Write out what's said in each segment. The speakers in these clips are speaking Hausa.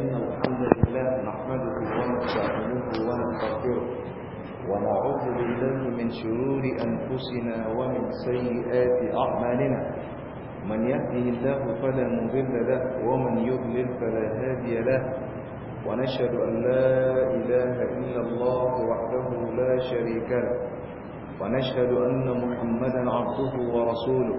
إن الحمد لله نحمده ونستعينه ونستغفره ونعوذ بالله من شرور أنفسنا ومن سيئات أعمالنا من يهده الله فلا مضل له ومن يضلل فلا هادي له ونشهد أن لا إله إلا الله وحده لا شريك له ونشهد أن محمدا عبده ورسوله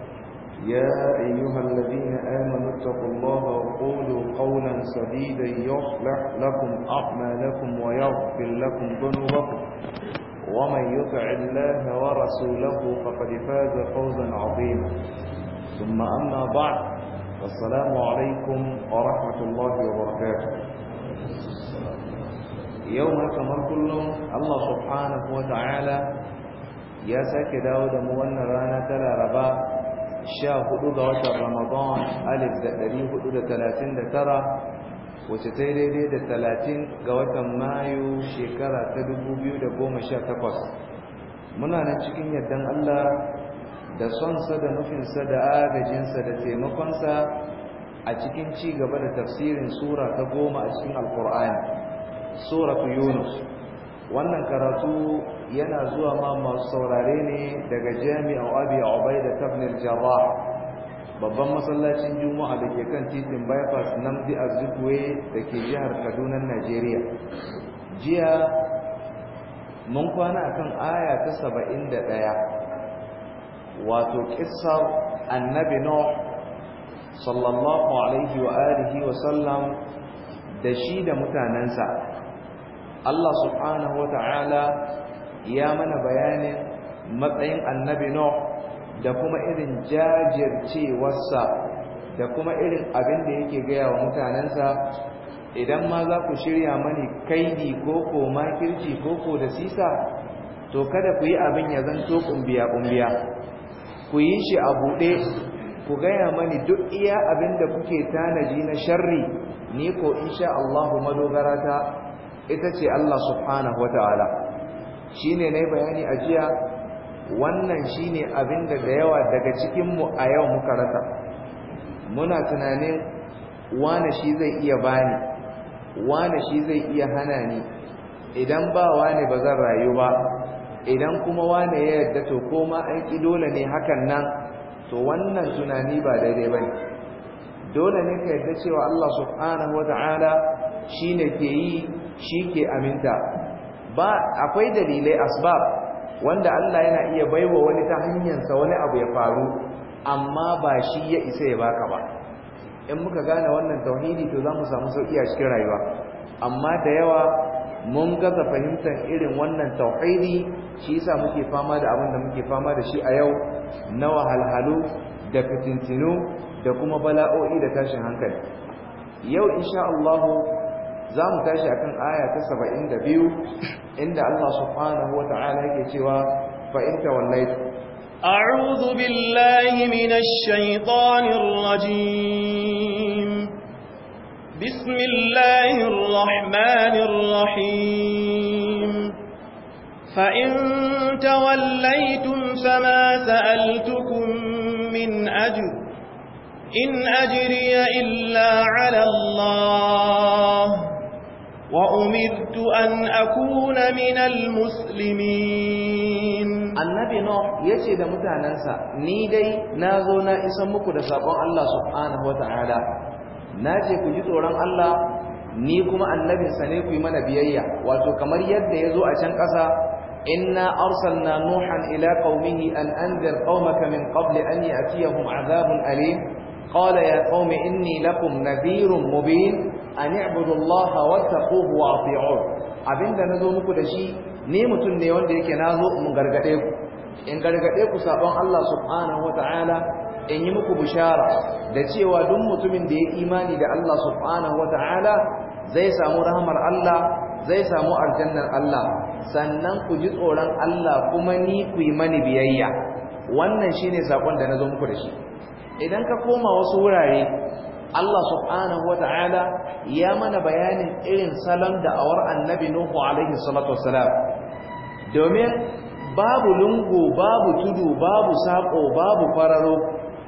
يا أيها الذين آمنوا اتقوا الله وقولوا قولا سديدا يصلح لكم أعمالكم ويغفر لكم ذنوبكم ومن يطع الله ورسوله فقد فاز فوزا عظيما ثم أما بعد السلام عليكم ورحمة الله وبركاته يوم كما كلهم الله سبحانه وتعالى يا ساكي داود مولنا رانا تلا رباه sha hudu ga watan ramadan alif da dari hudu da talatin da tara wace ta yi daidai da talatin ga watan mayu shekara ta dubu biyu da goma sha takwas muna nan cikin yardan allah da sonsa da nufinsa da agajinsa da taimakonsa a cikin ci gaba da tafsirin sura ta goma a cikin alkur'ani ku yunus wannan karatu yana zuwa ma masu saurare ne daga jami'a abi ubaida ibn al-jarrah babban masallacin juma'a da ke kan titin bypass namdi azikwe da ke jihar kaduna najeriya jiya mun kwana akan aya ta ɗaya, wato kissar annabi nuh sallallahu alaihi wa alihi wa sallam da shi da mutanensa. Allah subhanahu wa ta'ala ya mana bayanin matsayin annabi Nuh da kuma irin jajircewarsa da kuma irin abin da yake gaya wa mutanensa idan ma za ku shirya mani kaidi ko ko makirci ko ko da sisa to kada ku yi abin ya zanto kumbiya kumbiya ku yi shi a buɗe ku gaya mani duk iya abin da kuke tanaji na sharri ni ko insha Allahu madogarata. ta ita ce Allah subhanahu wataala shine yi bayani a jiya wannan shine abin da da yawa daga cikinmu a yau muka rasa muna tunanin wane shi zai iya bani wane shi zai iya hana ni idan ba wane ba zan rayu ba idan kuma wane ya yadda to koma aiki dole ne hakan nan to wannan tunani ba daidai bane dole ne ka yadda cewa Allah subhanahu shi shine ke yi shi ke aminta ba akwai dalilai asbab wanda Allah yana iya baiwa wani ta hanyarsa wani abu ya faru amma ba shi ya isa ya baka ba in muka gane wannan tauhidi to za mu samu sauƙi a cikin rayuwa amma da yawa mun gaza fahimtar irin wannan tauhidi shi yasa muke fama da abin da muke fama da shi a yau na wahalhalu da fitintinu da kuma bala'o'i da tashin hankali yau insha Allah za mu tashi akan aya ta 72 inda Allah subhanahu wa ta'ala yake cewa fa in tawallaitu a'udhu billahi minash shaitanir rajim bismillahir rahmanir rahim fa in tawallaitum fama sa'altukum min ajr إن أجري إلا على وأمرت أن أكون من المسلمين النبي نوح يشي دا متعننسا نيدي نازونا اسمك دا سابون الله سبحانه وتعالى ناجي كجي توران الله ni kuma annabinsa ne ku yi mana biyayya wato kamar yadda ya zo a can ƙasa inna arsalna nuhan ila qaumihi an anzir qaumaka min qabli an ya'tiyahum azabun alim qala ya qaumi inni lakum nadhirun mubin an i'budu Allah wattaquhu wa ati'un abinda nazo muku da shi ni mutum ne wanda yake nazo in gargade ku in gargade ku sabon Allah subhanahu wataala in yi muku bishara da cewa duk mutumin da ya imani da Allah subhanahu wataala zai samu rahmar Allah zai samu aljannar Allah sannan ku ji tsoron Allah kuma ni ku yi mani biyayya wannan shine sakon da nazo muku da shi idan ka koma wasu wurare Allah subhanahu wa ta'ala ya mana bayanin irin salon da'awar annabi Nuhu alaihi salatu wassalam domin babu lungu babu tudu babu saƙo, babu fararo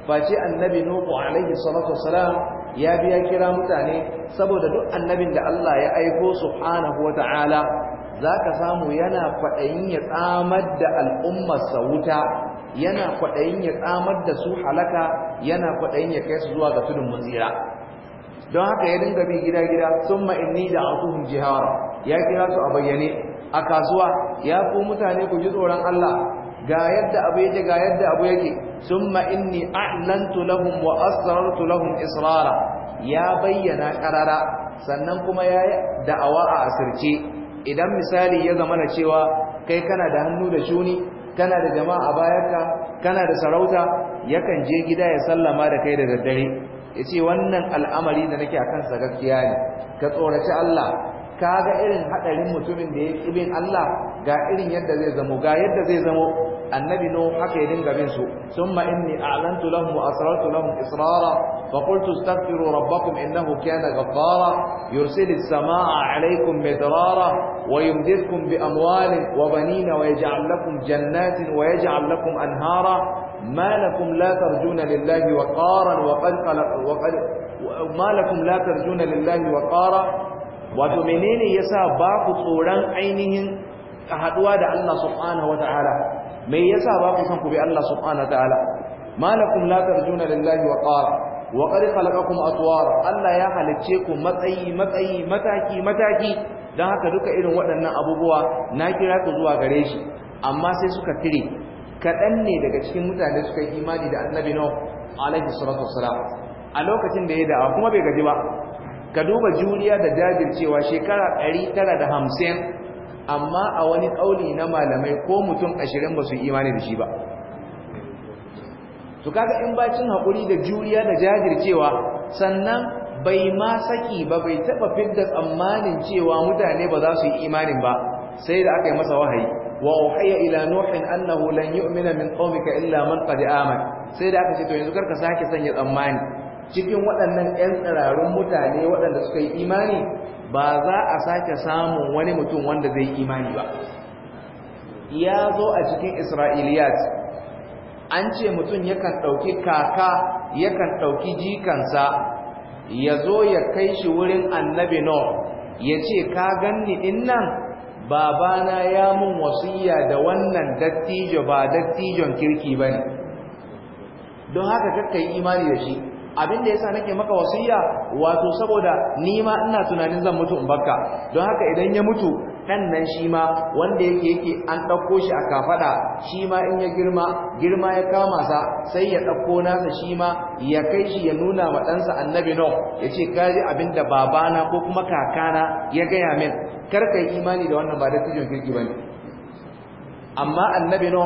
face annabi Nuhu alaihi salatu wassalam ya biya kira mutane saboda duk annabin da Allah ya aiko subhanahu wa ta'ala zaka samu yana faɗayin ya tsamar da al'ummarsa wuta yana kwaɗayin ya tsamar da su halaka yana kwaɗayin ya kai su zuwa ga tudun mun don haka ya dinga bi gida gida sun ma'inni da akuhun Jihar, ya kira su a bayyane a kasuwa ya ku mutane ku ji tsoron Allah ga yadda abu yake ga yadda abu yake summa inni a'lantu lahum wa asrartu lahum israra ya bayyana karara sannan kuma yayi da'awa a asirce idan misali ya zama na cewa kai kana da hannu da shuni kana da jama'a a bayanka kana da sarauta yakan je gida ya sallama da kai da daddare ya ce wannan al'amari da nake a kansa gaskiya ne ka tsoraci Allah ka ga irin haɗarin mutumin da ya ƙi bin Allah ga irin yadda zai zamo ga yadda zai zamo annabi no haka ya dinga bin su summa inni a'lantu lahum wa asrartu lahum israra fa qultu astaghfiru rabbakum innahu kana ghaffara yursilis samaa'a 'alaykum midrara ويمددكم بأموال وبنين ويجعل لكم جنات ويجعل لكم أنهارا ما لكم لا ترجون لله وقارا وقد وقد ما لكم لا ترجون لله وقارا wato menene yasa ba ku tsoron ainihin haduwa da Allah subhanahu wataala me yasa ba ku san ku bi Allah subhanahu wataala malakum la tarjuna lillahi wa qara wa qad khalaqakum atwara Allah ya halicce ku matsayi matsayi mataki mataki don haka duka irin waɗannan abubuwa na kira ku zuwa gare shi amma sai suka tire kaɗan ne daga cikin mutane suka yi imani da annabi no alaihi salatu wassalam a lokacin da ya da'a kuma bai gaji ba ka duba juriya da jajircewa shekara ɗari tara da hamsin, amma a wani kauli na malamai ko mutum ashirin ba su imani da shi ba to kaga in bacin hakuri da juriya da jajircewa sannan bai ma saki ba bai taba fidda tsammanin cewa mutane ba za su yi imanin ba sai da aka yi masa wahayi wa uhiya ila nuhin annahu lan yu'mina min qaumika illa man qad aman sai da aka ce to yanzu karka sake sanya tsammani cikin waɗannan ƴan tsirarun mutane waɗanda suka yi imani ba za a sake samun wani mutum wanda zai imani ba ya zo a cikin isra'iliyat an ce mutum yakan ɗauki kaka yakan ɗauki jikansa ya zo ya kai shi wurin annabi no ya ce ka ganni ɗin nan babana ya mun wasiya da wannan dattijo ba dattijon kirki ba ne don haka kakka yi imani da shi abinda ya yasa nake maka wasiya wato saboda nima ina tunanin zan mutu in bakka don haka idan ya mutu ɗan nan shi ma wanda yake yake an ɗauko shi a kafaɗa shi ma in ya girma girma ya kama sa sai ya ɗauko nasa shi ma ya kai shi ya nuna wa ɗansa annabi no ya ce kaji abin da babana ko kuma kakana ya gaya min kar ka yi imani da wannan ba da tijon kirki ba ne amma annabi no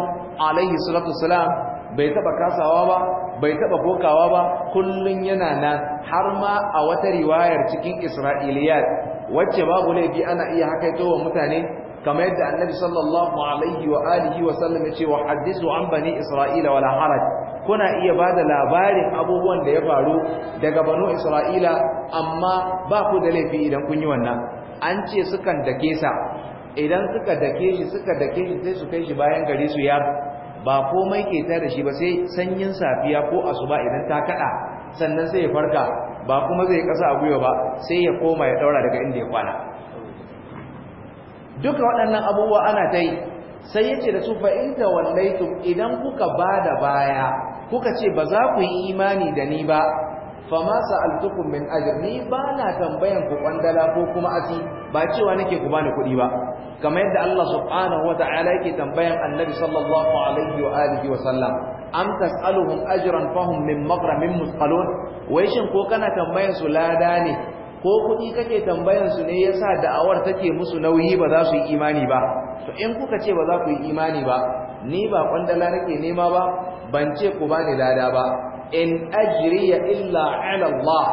alaihi salatu salam bai taɓa kasawa ba bai taɓa kokawa ba kullum yana nan har ma a wata riwayar cikin isra'iliyat wacce babu laifi ana iya hakaito wa mutane kamar yadda annabi sallallahu alaihi wa alihi wa sallam ya ce wa hadithu an bani isra'ila wala haraj kuna iya ba da labarin abubuwan da ya faru daga banu isra'ila amma ba ku da laifi idan kun yi wannan an ce sukan dake sa idan suka dake shi suka dake shi sai su kai shi bayan gari su ya ba komai ke tare da shi ba sai sanyin safiya ko asuba idan ta kada sannan sai ya farka ba kuma zai kasa a gwiwa ba sai ya koma ya daura daga inda ya kwana duka waɗannan abubuwa ana ta yi sai ya ce da su fa wallaitu idan kuka ba da baya kuka ce ba za ku yi imani da ni ba fama sa'altukum min ajr ni ba na tambayan ku kwandala ko kuma afi ba cewa nake ku bani kuɗi ba kamar yadda Allah subhanahu wa ta'ala yake tambayan Annabi sallallahu alaihi wa alihi wa sallam am tas'aluhum ajran fahum min maghramin musqalun wai shin ko kana tambayan su lada ne ko kuɗi kake tambayan su ne yasa da'awar take musu nauyi ba za su yi imani ba to in kuka ce ba za ku yi imani ba ni ba kwandala nake nema ba ban ce ku bani lada ba in ajriya illa ala Allah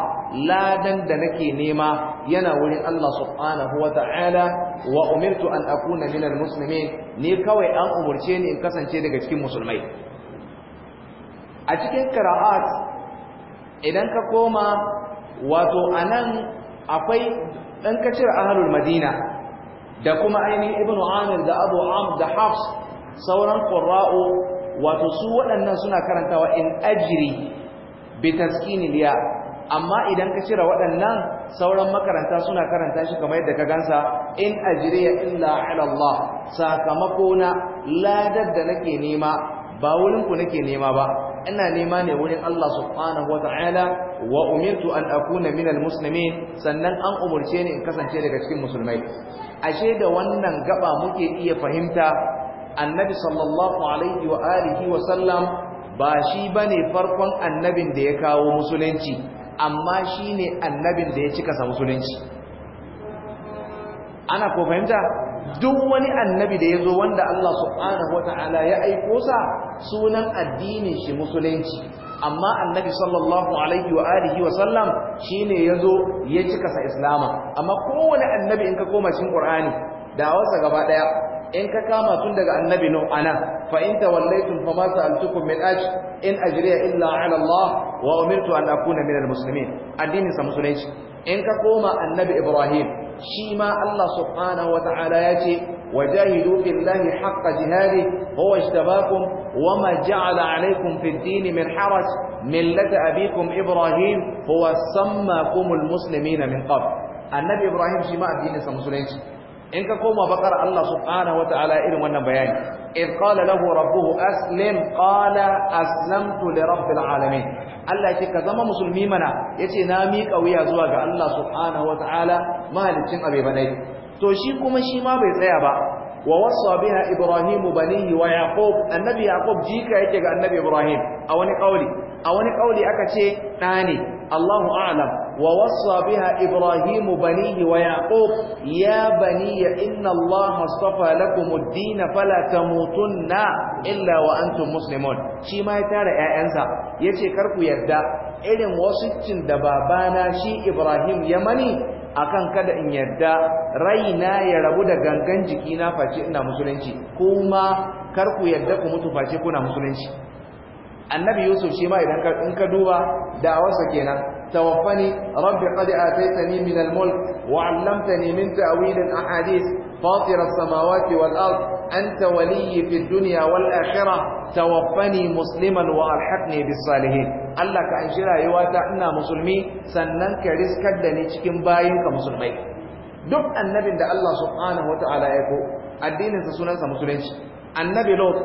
ladan da nake nema yana wurin Allah subhanahu wa ta'ala wa umirtu an akuna minal muslimin ni kawai an umurce ni in kasance daga cikin musulmai a cikin qira'at idan ka koma wato a nan akwai ɗan kacir ahlul madina da kuma ainihin Ibn amir da abu amr da hafs sauran qurra'u wato su waɗannan suna karantawa in ajiri amma idan ka cire waɗannan sauran makaranta suna karanta shi kamar yadda ka gansa in ya illa hal'allah, sakamakona ladar da nake nema ba wurinku nake nema ba ina nema ne wurin Allah subhanahu wa ta'ala wa umirtu an akuna minal muslimin sannan an umurce ni in kasance daga cikin musulmai ashe da wannan gaba muke iya fahimta annabi sallallahu alaihi wa alihi wa sallam ba shi bane farkon annabin da ya kawo musulunci amma shine annabin da ya cika sa musulunci ana ko fahimta duk wani annabi da ya zo wanda Allah subhanahu Ta'ala ya aiko sa sunan addinin shi musulunci amma annabi sallallahu alaihi wa alihi wa sallam shine yazo ya cika sa islama amma kowane annabi in ka koma cikin ƙur'ani da wasa gaba ɗaya, in ka kama tun daga annabi nuh ana fa in tawallaytum fama sa'altukum min ajr in ajiriya illa ala allah wa umirtu an akuna min almuslimin addinin sa musulunci in ka koma annabi ibrahim shi ma Allah subhanahu wata'ala ya ce wajahidu billahi haqqa jihadi huwa ijtabakum wama ja'ala alaykum fiddini min haraj millata abikum ibrahim huwa sammakumul muslimina min qabl annabi ibrahim shi ma addinin sa musulunci in ka koma baƙar Allah subhanahu wataala irin wannan bayani id qala lahu rabbuhu aslim qala aslamtu li rabbil alamin Allah yake ka zama musulmi mana yace na miƙa wuya zuwa ga Allah subhanahu wataala mahaliccin abe banai to shi kuma shi ma bai tsaya ba wa wasa biha ibrahimu banihi wa yaqub annabi yaqub jika yake ga annabi ibrahim a wani kauli a wani kauli aka ce ɗa Allahu a'lam ووصى بها إبراهيم بنيه ويعقوب يا بني إن الله اصطفى لكم الدين فلا تموتن إلا وأنتم مسلمون شي ما يتارى أنزا يتي كركو يدى إذن وسجن دبابانا شي إبراهيم يمني akan kada in yadda raina ya rabu da gangan jikina face ina musulunci kuma kar ku yadda ku mutu face kuna musulunci annabi yusuf shi ma idan in ka duba da'awarsa kenan توفني رب قد آتيتني من الملك وعلمتني من تأويل الأحاديث فاطر السماوات والأرض أنت ولي في الدنيا والآخرة توفني مسلما وألحقني بالصالحين Allah ka an shira yawa ta na musulmi sannan ka riskar da ni cikin bayinka musulmai duk annabin da Allah subhanahu wataala ya ko addininsa sunansa musulunci annabi Lot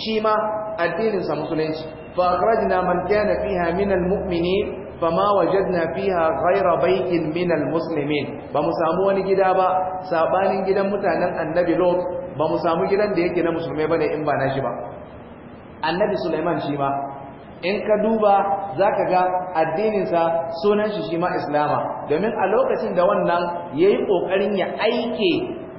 shi ma addininsa musulunci fa na man kana fiha mu'minin fama wajadna fiha ghayra baytin min almuslimin ba mu samu wani gida ba sabanin gidan mutanen annabi lot ba mu samu gidan da yake na musulmai bane in ba na shi ba annabi sulaiman shi ma in ka duba zaka ga addininsa sunan shi shi ma islama domin a lokacin da wannan yayi kokarin ya aike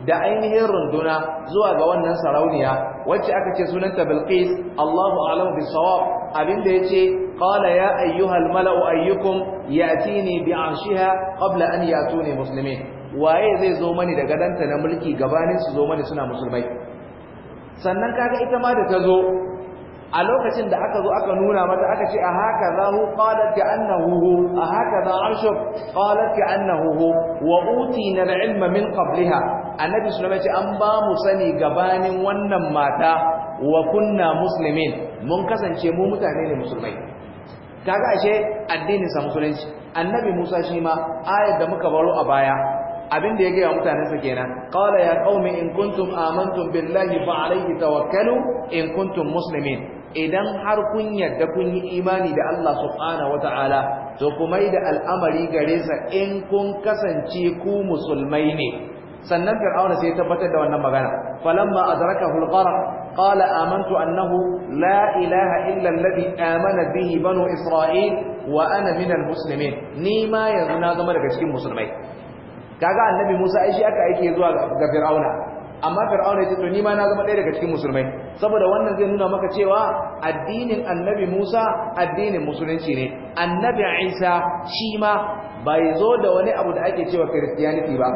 da ainihin runduna zuwa ga wannan sarauniya wacce aka ce sunanta Bilqis Allahu a'lamu bisawab Abin da ya ce ƙala ya ayyuhal mala'u ayyukum yatini bi arshiha qabla an yatuni muslimin waye zai zo mani daga danta na mulki gabanin su zo mani suna musulmai sannan kaga ita ma da ta zo a lokacin da aka zo aka nuna mata aka ce a haka za hu qalat ka annahu hu a haka za arshuk qalat ka annahu hu wa utina al-ilma min qabliha annabi sallallahu ce an ba mu sani gabanin wannan mata wa kunna musulmin. mun kasance mu mutane ne musulmai kaga ashe addinin sa musulunci annabi Musa shi ma ayar da muka baro a baya abin da ya gaya mutanensa kenan qala ya qaumi in kuntum amantum billahi fa alayhi tawakkalu in kuntum muslimin idan har kun yarda kun yi imani da Allah subhanahu wataala to kuma da al'amari gare sa in kun kasance ku musulmai ne sannan fir'auna sai ya tabbatar da wannan magana falamma adrakahu al قال آمنت أنه لا إله إلا الذي آمن به بنو إسرائيل وأنا من المسلمين نيما يزنا زمان كتكين مسلمين kaga annabi Musa ai shi aka aike zuwa Fir'auna amma Fir'auna ya ce to ni ma na zama ɗaya daga cikin musulmai saboda wannan zai nuna maka cewa addinin annabi Musa addinin musulunci ne annabi Isa shi ma bai zo da wani abu da ake cewa Christianity ba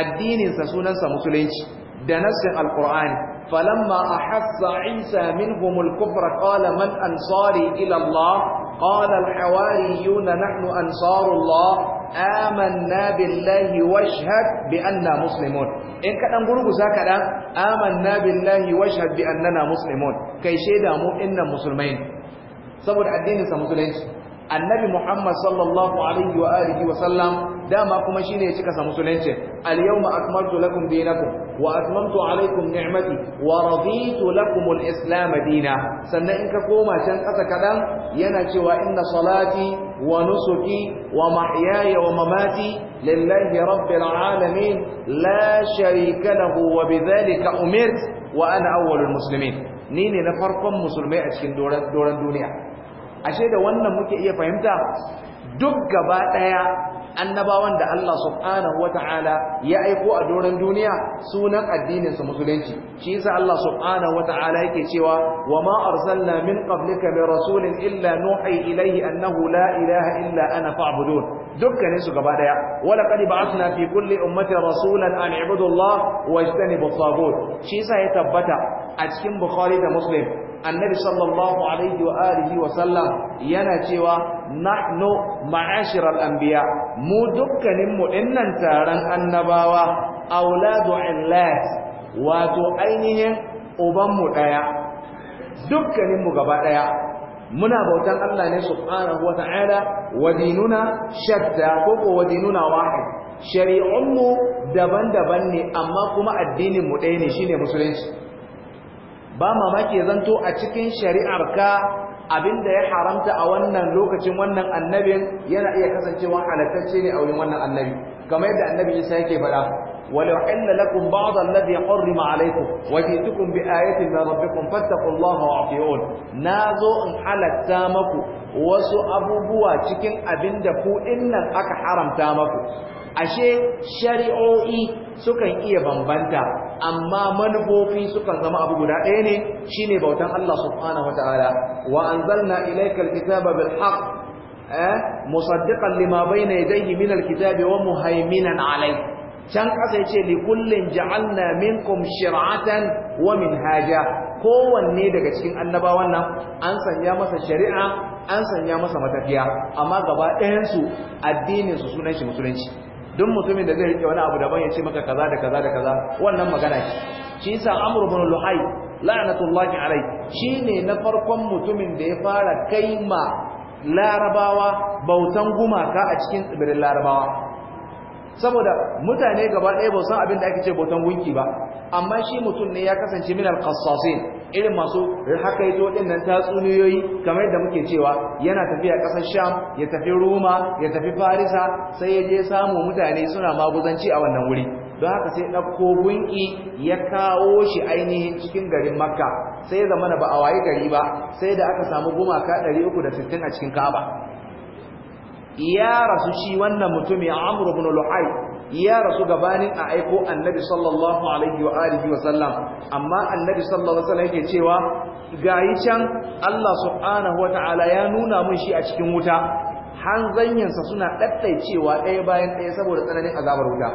addininsa sunansa musulunci da nassin alkur'ani فلما أحس عيسى منهم الكفر قال من أنصاري إلى الله قال الحواريون نحن أنصار الله آمنا بالله واشهد بأننا مسلمون إن كان نقول بساكة آمنا بالله واشهد بأننا مسلمون كي شيدا مو إن مسلمين سبب الدين سمسلين النبي محمد صلى الله عليه وآله وسلم dama kuma shine ya cika sa musulunci al yawma akmaltu lakum dinakum wa atmamtu alaykum ni'mati wa raditu lakum al islam dina sannan in ka koma can kasa kadan yana cewa inna salati wa nusuki wa mahyaya wa mamati lillahi rabbil alamin la sharika lahu wa bidhalika umirt wa ana awwalul muslimin ni ne na farkon musulmai a cikin doran duniya ashe da wannan muke iya fahimta duk gaba daya annabawan da Allah subhanahu wata'ala ya aiko a doron duniya sunan addininsu musulunci shi yasa Allah subhanahu wata'ala yake cewa wa ma arsalna min qablika min rasulin illa nuhi ilayhi annahu la ilaha illa ana fa'budun dukkanin su gaba daya wala qad ba'athna fi kulli ummatin rasulan an ibudu Allah wa ijtanibu at shi yasa ya tabbata a cikin Bukhari da Muslim annabi sallallahu alaihi wa alihi wa sallam yana cewa nahnu ma'ashiral anbiya mu dukkanin mu dinnan taron annabawa auladu illat wato ainihin uban mu daya dukkanin mu gaba daya muna bautan Allah ne subhanahu wa ta'ala wa dinuna shatta ko ko dinuna wahid shari'un mu daban-daban ne amma kuma addinin mu ɗaya ne shine musulunci ba mamaki ya zanto a cikin shari'ar ka abinda ya haramta a wannan lokacin wannan annabin yana iya kasancewa halartacce ne a wurin wannan annabi kamar yadda annabi Isa yake faɗa ولو حل لكم بعض الذي حرم عليكم وجئتكم بآية من ربكم فاتقوا الله وأطيعون نازو إن حلت تامكو وسو أبوبوا تكن kuɗin إن أك حرم maku. أشي شريعوئي سكن إيه بمبنتا amma manufofi sukan zama abu guda ɗaya ne shine bautan Allah subhanahu wataala wa anzalna ilaykal kitaba bil haqq eh musaddiqan lima bayna yadayhi min wa muhaiminan alayhi can ƙasa ya ce li kullin ja'alna minkum shir'atan wa minhaja kowanne daga cikin annabawan nan an sanya masa shari'a an sanya masa matafiya amma gaba ɗayansu addinin su sunan shi musulunci duk mutumin da zai rike wani abu daban ya ce maka kaza da kaza da kaza wannan magana ce shi yasa amr bin luhay la'natullahi alai ne na farkon mutumin da ya fara kaima larabawa bautan gumaka a cikin tsibirin larabawa saboda mutane gaba ɗaya ba san abin da ake ce bautan gunki ba amma shi mutum ne ya kasance min alqassasin irin masu yi din nan tatsuniyoyi kamar da muke cewa yana tafiya ƙasar Sham ya tafi Roma ya tafi Farisa sai ya je samu mutane suna maguzanci a wannan wuri don haka sai ɗauko gunki ya kawo shi ainihin cikin garin Makka sai ya zama na ba a wayi gari ba sai da aka samu gumaka ɗari uku da sittin a cikin kaba. ya rasu shi wannan mutumin, Amr ibn Lu'ay ya rasu gabanin a aiko Annabi sallallahu alaihi wa alihi wa sallam amma Annabi sallallahu alaihi wa sallam yake cewa gayi can Allah subhanahu wa ta'ala ya nuna mun shi a cikin wuta hanzanyansa suna cewa ɗaya bayan ɗaya saboda tsananin azabar wuta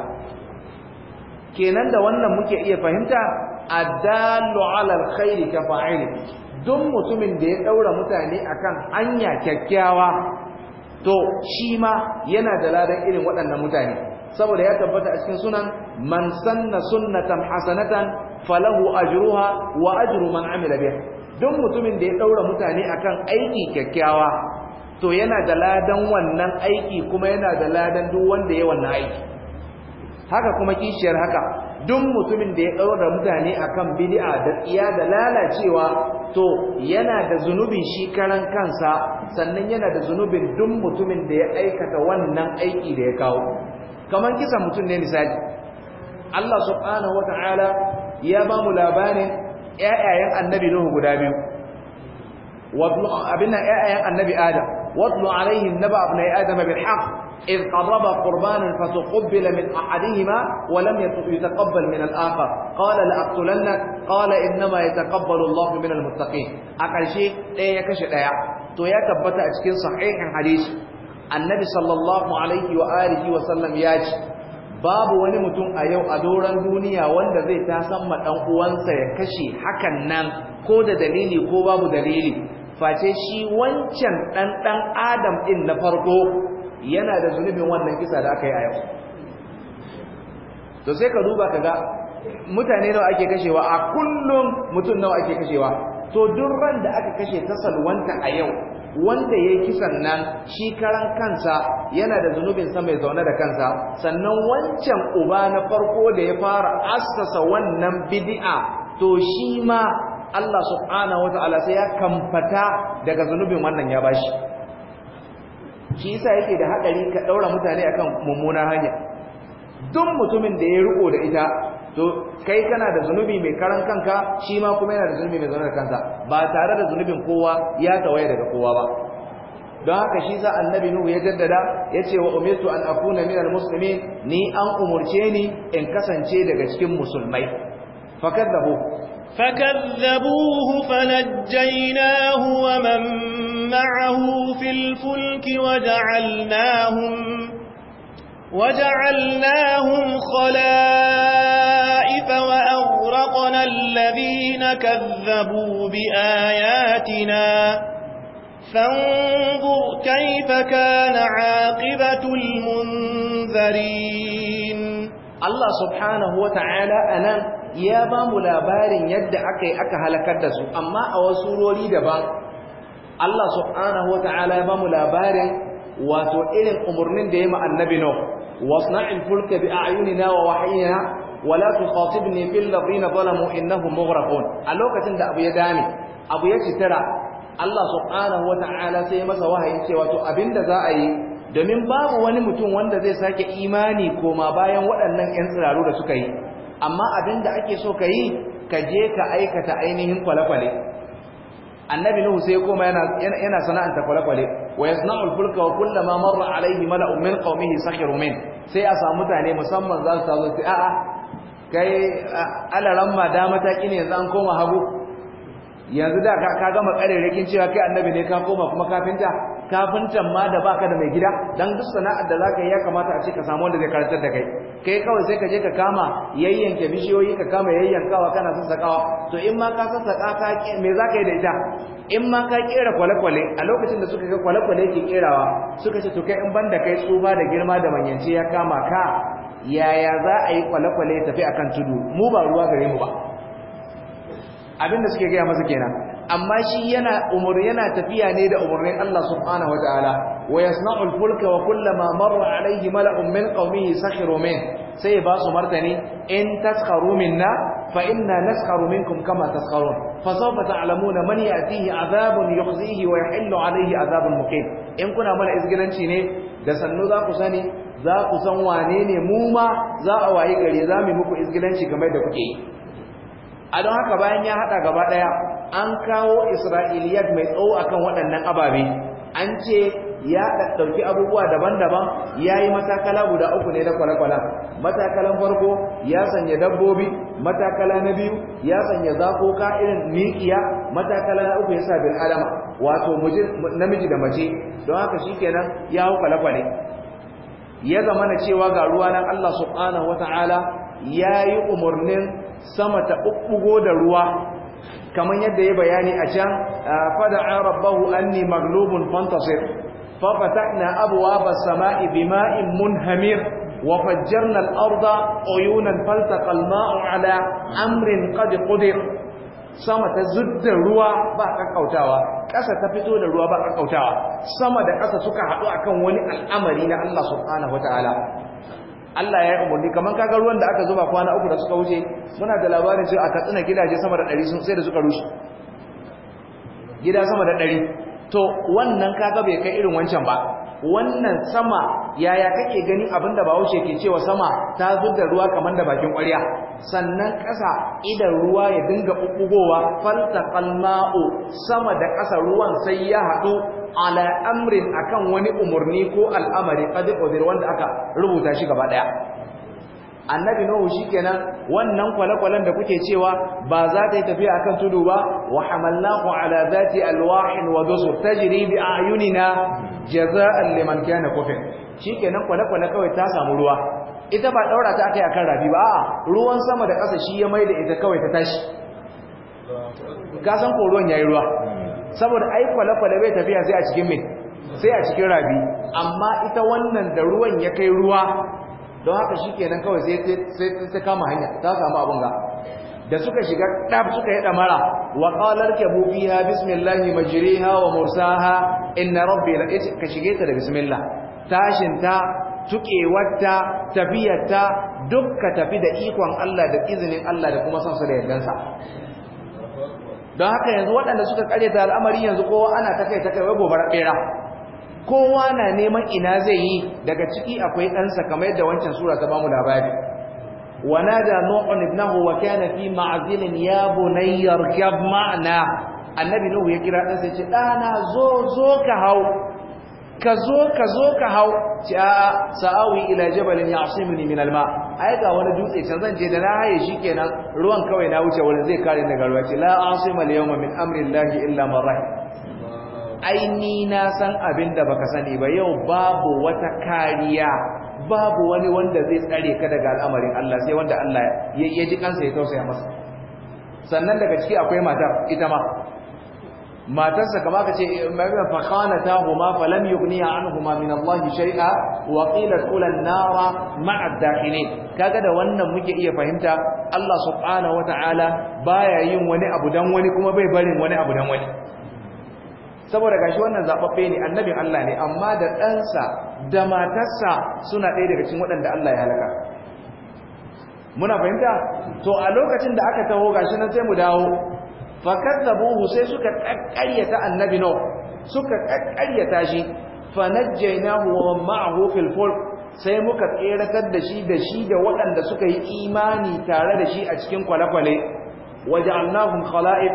kenan da wannan muke iya fahimta adallu ala alkhairi ka fa'il duk mutumin da ya daura mutane akan hanya kyakkyawa to shi ma yana da ladan irin waɗannan mutane saboda ya tabbata a cikin sunan man sanna sunnatan hasanatan falahu ajruha wa ajru man amila biha duk mutumin da ya daura mutane akan aiki kyakkyawa to yana da ladan wannan aiki kuma yana da ladan duk wanda ya wannan aiki haka kuma kishiyar haka duk mutumin da ya ɗaura mutane akan bid'a da tsiya da lalacewa to yana da zunubin shi karan kansa sannan yana da zunubin duk mutumin da ya aikata wannan aiki da ya kawo kamar kisan mutum ne misali Allah subhanahu ta'ala ya ba mu labarin ƴaƴayen annabi Nuhu guda biyu abin nan ƴaƴayen annabi Adam ba alaihim naba abnai Adam bil haqq إذ قرب قربانا فتقبل من أحدهما ولم يتقبل من الآخر قال لأقتلنك قال إنما يتقبل الله من المتقين أقل شيء لا يكشف لا تو يا كبتا أشكين صحيح حديث النبي صلى الله عليه وآله وسلم ياجي babu wani mutum a yau a doron duniya wanda zai ta san ma dan uwansa ya kashe hakan nan ko da dalili ko babu dalili face shi wancan dan dan adam din na farko yana da zunubin wannan kisa da aka yi a yau to sai ka duba ka ga mutane nawa ake kashewa a kullum mutum nawa ake kashewa to duk ran da aka kashe ta salwanta a yau wanda ya yi kisan nan shi karan kansa yana da zunubin sama mai zaune da kansa sannan wancan uba na farko da ya fara assasa wannan bidi'a to shi ma Allah subhanahu wa ta'ala sai ya kamfata daga zunubin wannan ya bashi shi yasa yake da haɗari ka ɗaura mutane akan mummunan hanya duk mutumin da ya riko da ita to kai kana da zunubi mai karan kanka shi ma kuma yana da zunubi mai zaune da kansa ba tare da zunubin kowa ya tawaye daga kowa ba don haka shi za annabi nuhu ya jaddada ya ce wa umirtu an akuna al muslimin ni an umurce ni in kasance daga cikin musulmai fakadabu fakadzabuhu fanajjaynahu wa man معه في الفلك وجعلناهم وجعلناهم خلائف وأغرقنا الذين كذبوا بآياتنا فانظر كيف كان عاقبة المنذرين الله سبحانه وتعالى أنا يا بام لابارين يد أكي أكهل كدس أما أوسرولي دبان Allah subhanahu ta'ala ya bamu labarin wato irin umarnin da ya ma annabi no wasna'il fulka bi a'yunina wa wahyina wa la tuqatibni fil ladina zalamu innahum mughraqun a lokacin da abu ya dame abu ya citara Allah subhanahu ta'ala sai masa wahayi cewa to abinda za a yi domin babu wani mutum wanda zai sake imani koma bayan waɗannan 'yan tsiraru da suka yi amma abinda ake so ka yi ka je ka aikata ainihin kwale-kwale annabi nuhu sai koma yana yana sana'anta kwale-kwale wa yasna'u al-fulka wa kullama marra alayhi mala'un min sakhiru min sai a samu mutane musamman za su tazo sai a'a kai alaran ma da mataki ne yanzu an koma hagu yanzu da ka gama karerekin cewa kai annabi ne ka koma kuma kafinta kafintan ma da baka da mai gida dan duk sana'ar da zaka yi ya kamata a ce ka samu wanda zai karatar da kai kai kawai sai ka je ka kama yayyanke bishiyoyi ka kama yayyankawa kana sakawa to in ma ka sassaka ka me zaka yi da ita in ma ka kera kwale a lokacin da suka ga kwalekwale ke kerawa suka ce to kai in da kai tsufa da girma da manyance ya kama ka yaya za a yi kwale-kwale ya tafi akan tudu mu ba ruwa gare mu ba abinda suke gaya masa kenan amma shi yana umur yana tafiya ne da umurnin Allah subhanahu wataala wa yasna'u al-fulka wa kullama marra alayhi mala'un min qaumihi sakhiru min sai ba su martani in taskharu minna fa inna naskharu minkum kama taskharun fa sawfa ta'lamuna man ya'tihi adhabun yukhzihi wa yahillu alayhi adhabun muqim in kuna mana izgilanci ne da sannu za ku sani za ku san wane ne mu ma za a wayi gare za mu muku izgilanci kamar da kuke yi a don haka bayan ya hada gaba daya an kawo isra'iliyat mai tsawo akan waɗannan ababe an ce ya ɗauki abubuwa daban-daban ya yi matakala guda uku ne na kwale-kwalen matakalan farko ya sanya dabbobi matakala na biyu ya sanya zakoka irin mikiya matakala na uku ya sa bin adama wato namiji da mace don haka shikenan ya hau kwale-kwale ya zama na cewa ga ruwa na Allah subhanahu wata'ala ya yi umarnin sama ta ɓuɓɓugo da ruwa kamar yadda ya bayani a can fada'a rabbahu anni maglubun fantasir fa fatahna abwaaba as bima'in munhamir wa fajjarna al-arda uyunan faltaqa al-ma'u ala amrin qad qudir sama ta zudda ruwa ba kakkautawa ƙasa ta fito da ruwa ba kakkautawa sama da ƙasa suka haɗu akan wani al'amari na Allah subhanahu Allah ya yi umarni kamar kaga ruwan da aka zuba kwana uku da suka wuce muna da labarin cewa a katsina gidaje sama da ɗari sun sai da suka rushe gida sama da ɗari to wannan kaga bai kai irin wancan ba wannan sama yaya kake gani abin da bahaushe ke cewa sama ta da ruwa kamar da bakin ƙwarya sannan ƙasa idan ruwa ya dinga ɓuɓɓugowa falta ma'u sama da ƙasa ruwan sai ya haɗu ala amrin akan wani umarni ko al'amari qad wanda aka rubuta shi gaba ɗaya annabi nuhu shikenan wannan kwale-kwalen da kuke cewa ba za ta yi tafiya akan tudu ba wa hamalnahu ala zati alwahin wa dusur tajri bi ayunina jaza'an liman kana kufin shikenan kwale-kwale kawai ta samu ruwa ita ba daura ta akai akan rabi ba a'a ruwan sama da kasa shi ya maida ita kawai ta tashi ka san ko ruwan yayi ruwa saboda ai kwale-kwale bai tafiya sai sai a cikin rabi amma ita wannan da ruwan ya kai ruwa don haka shi kenan kawai sai ta kama hanya ta samu abin ga da suka shiga ɗab suka yi ɗamara wa ƙalar ke bufi ha bismillahi ha wa mursaha inna rabbi na ita ka shige ta da bismillah tashinta tuƙewarta tafiyarta duk ka tafi da ikon Allah da izinin Allah da kuma son su da yardansa don haka yanzu waɗanda suka karyata al'amari yanzu kowa ana ta kai ta kai wai gobara ɓera kowa na neman ina zai yi daga ciki akwai ɗansa kamar yadda wancan sura ta bamu labari ونادى نوح ابنه وكان في معزل يا بني اركب ma'ana? annabi nuhu ya kira ɗansa ce ɗana zo zo ka hau ka zo ka zo ka hau ce a sa'awi ila jabalin ya asimini min alma ai ga wani dutse can zan je da na haye shi kenan ruwan kawai na wuce wurin zai kare daga ruwa ce la asima al yawma min amri llahi illa man rahim ai na san abin da baka sani ba yau babu wata kariya babu wani wanda zai tsare ka daga al'amarin Allah sai wanda Allah ya ji kansa ya tausaya masa sannan daga ciki akwai matar ita ma matarsa kama ka ce fa khana ta huma falam yugniya anhuma min Allah shay'a wa qila kula nara ma'a dakhilin kaga da wannan muke iya fahimta Allah subhanahu wataala baya yin wani abu dan wani kuma bai barin wani abu dan wani saboda gashi wannan zaɓaɓɓe ne annabin Allah ne amma da ɗansa da matarsa suna ɗaya daga cikin waɗanda Allah ya halaka muna fahimta to a lokacin da aka taho gashi nan sai mu dawo fakazzabuhu sai suka kakkaryata annabi no suka kakkaryata shi fanajjaynahu wa ma'ahu fil fulk sai muka tseratar da shi da shi da waɗanda suka yi imani tare da shi a cikin kwale-kwale waja'alnahum khala'iq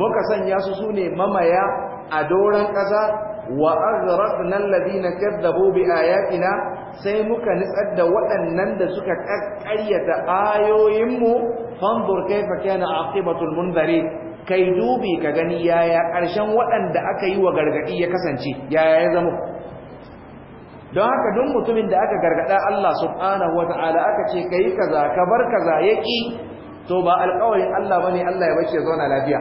muka sanya su sune mamaya a doron ƙasa wa aghraqna alladhina kadzabu bi ayatina sai muka nitsar da waɗannan da suka ƙaryata ayoyinmu fanzur kaifa kana aqibatul munzari kai dubi ka gani yaya ƙarshen waɗanda aka yi wa gargadi ya kasance yaya ya zama don haka duk mutumin da aka gargada Allah subhanahu wata'ala aka ce kai kaza ka bar kaza yaki to ba alƙawarin Allah bane Allah ya bace zauna lafiya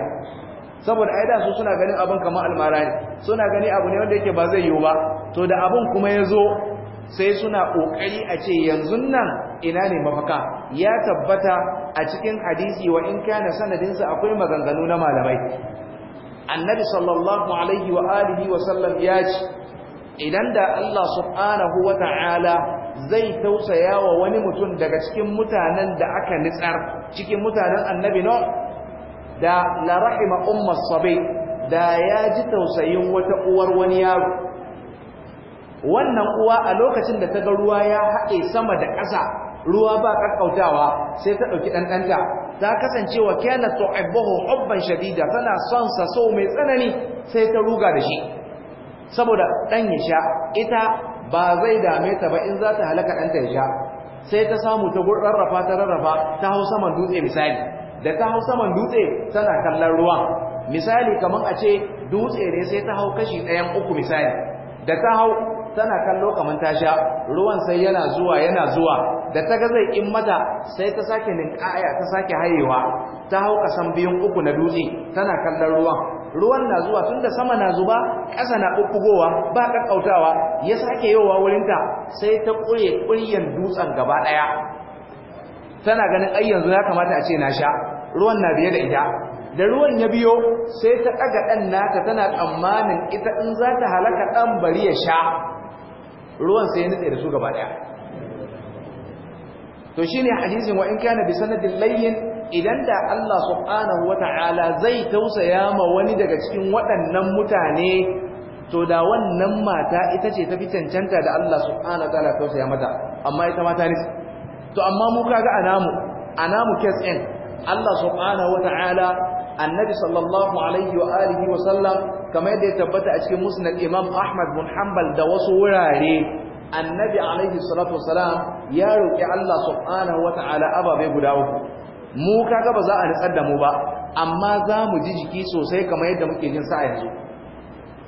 saboda ai da su suna ganin abin kamar almara ne suna gani abu ne wanda yake ba zai yiwu ba to da abin kuma ya zo sai suna kokari a ce yanzu nan ina ne mafaka ya tabbata a cikin hadisi wa in kana sanadinsa akwai maganganu na malamai annabi sallallahu alaihi wa alihi wa sallam ya ce idan da Allah subhanahu wa ta'ala zai tausaya wa wani mutum daga cikin mutanen da aka nitsar cikin mutanen annabi no da la rahima umma sabi da ya ji tausayin wata uwar wani yaro wannan uwa a lokacin da ta ga ruwa ya haɗe sama da ƙasa ruwa ba ƙaƙƙautawa sai ta ɗauki ɗanɗanta ta kasance wa kyana tu'ibbahu hubban shadida tana son sa so mai tsanani sai ta ruga da shi saboda ɗan ya sha ita ba zai dame ta ba in za ta halaka ɗanta ya sha sai ta samu ta rarrafa ta rarrafa ta hau saman dutse misali da ta hau saman dutse tana kallon ruwa. misali kamar a ce dutse ne sai ta hau kashi ɗayan uku misali da ta hau tana kallo kamar ta sha ruwan sai yana zuwa yana zuwa da ta ga zai in mata sai ta sake ninƙaya ta sake hayewa ta hau kasan biyun uku na dutse tana kallon ruwan ruwan na zuwa tunda sama na zuba ƙasa na ɓuɓɓugowa ba ƙaƙƙautawa ya sake yowa wurinta sai ta ƙure ƙuryan dutsen gaba ɗaya tana ganin ai yanzu ya kamata a ce na sha ruwan na biye da ita da ruwan ya biyo sai ta ɗaga ɗan nata tana tsammanin ita in za ta halaka ɗan bari ya sha ruwan sai ya nitse da su gaba ɗaya to shi ne hadisin wa in kana bi sanadin layyin idan da Allah subhanahu wataala zai tausaya ma wani daga cikin waɗannan mutane to da wannan mata ita ce ta fi cancanta da Allah subhanahu wataala tausaya mata amma ita mata ne to amma mu kaga anamu anamu case ɗin Allah subhanahu wata'ala annabi sallallahu alaihi wa alihi wa sallam kamar yadda ya tabbata a cikin musnad imam ahmad bin hanbal da wasu wurare annabi alaihi salatu wasalam ya roki Allah subhanahu wata'ala ababe guda uku mu kaga ba za a nutsar da mu ba amma za mu ji jiki sosai kamar yadda muke jin sa yanzu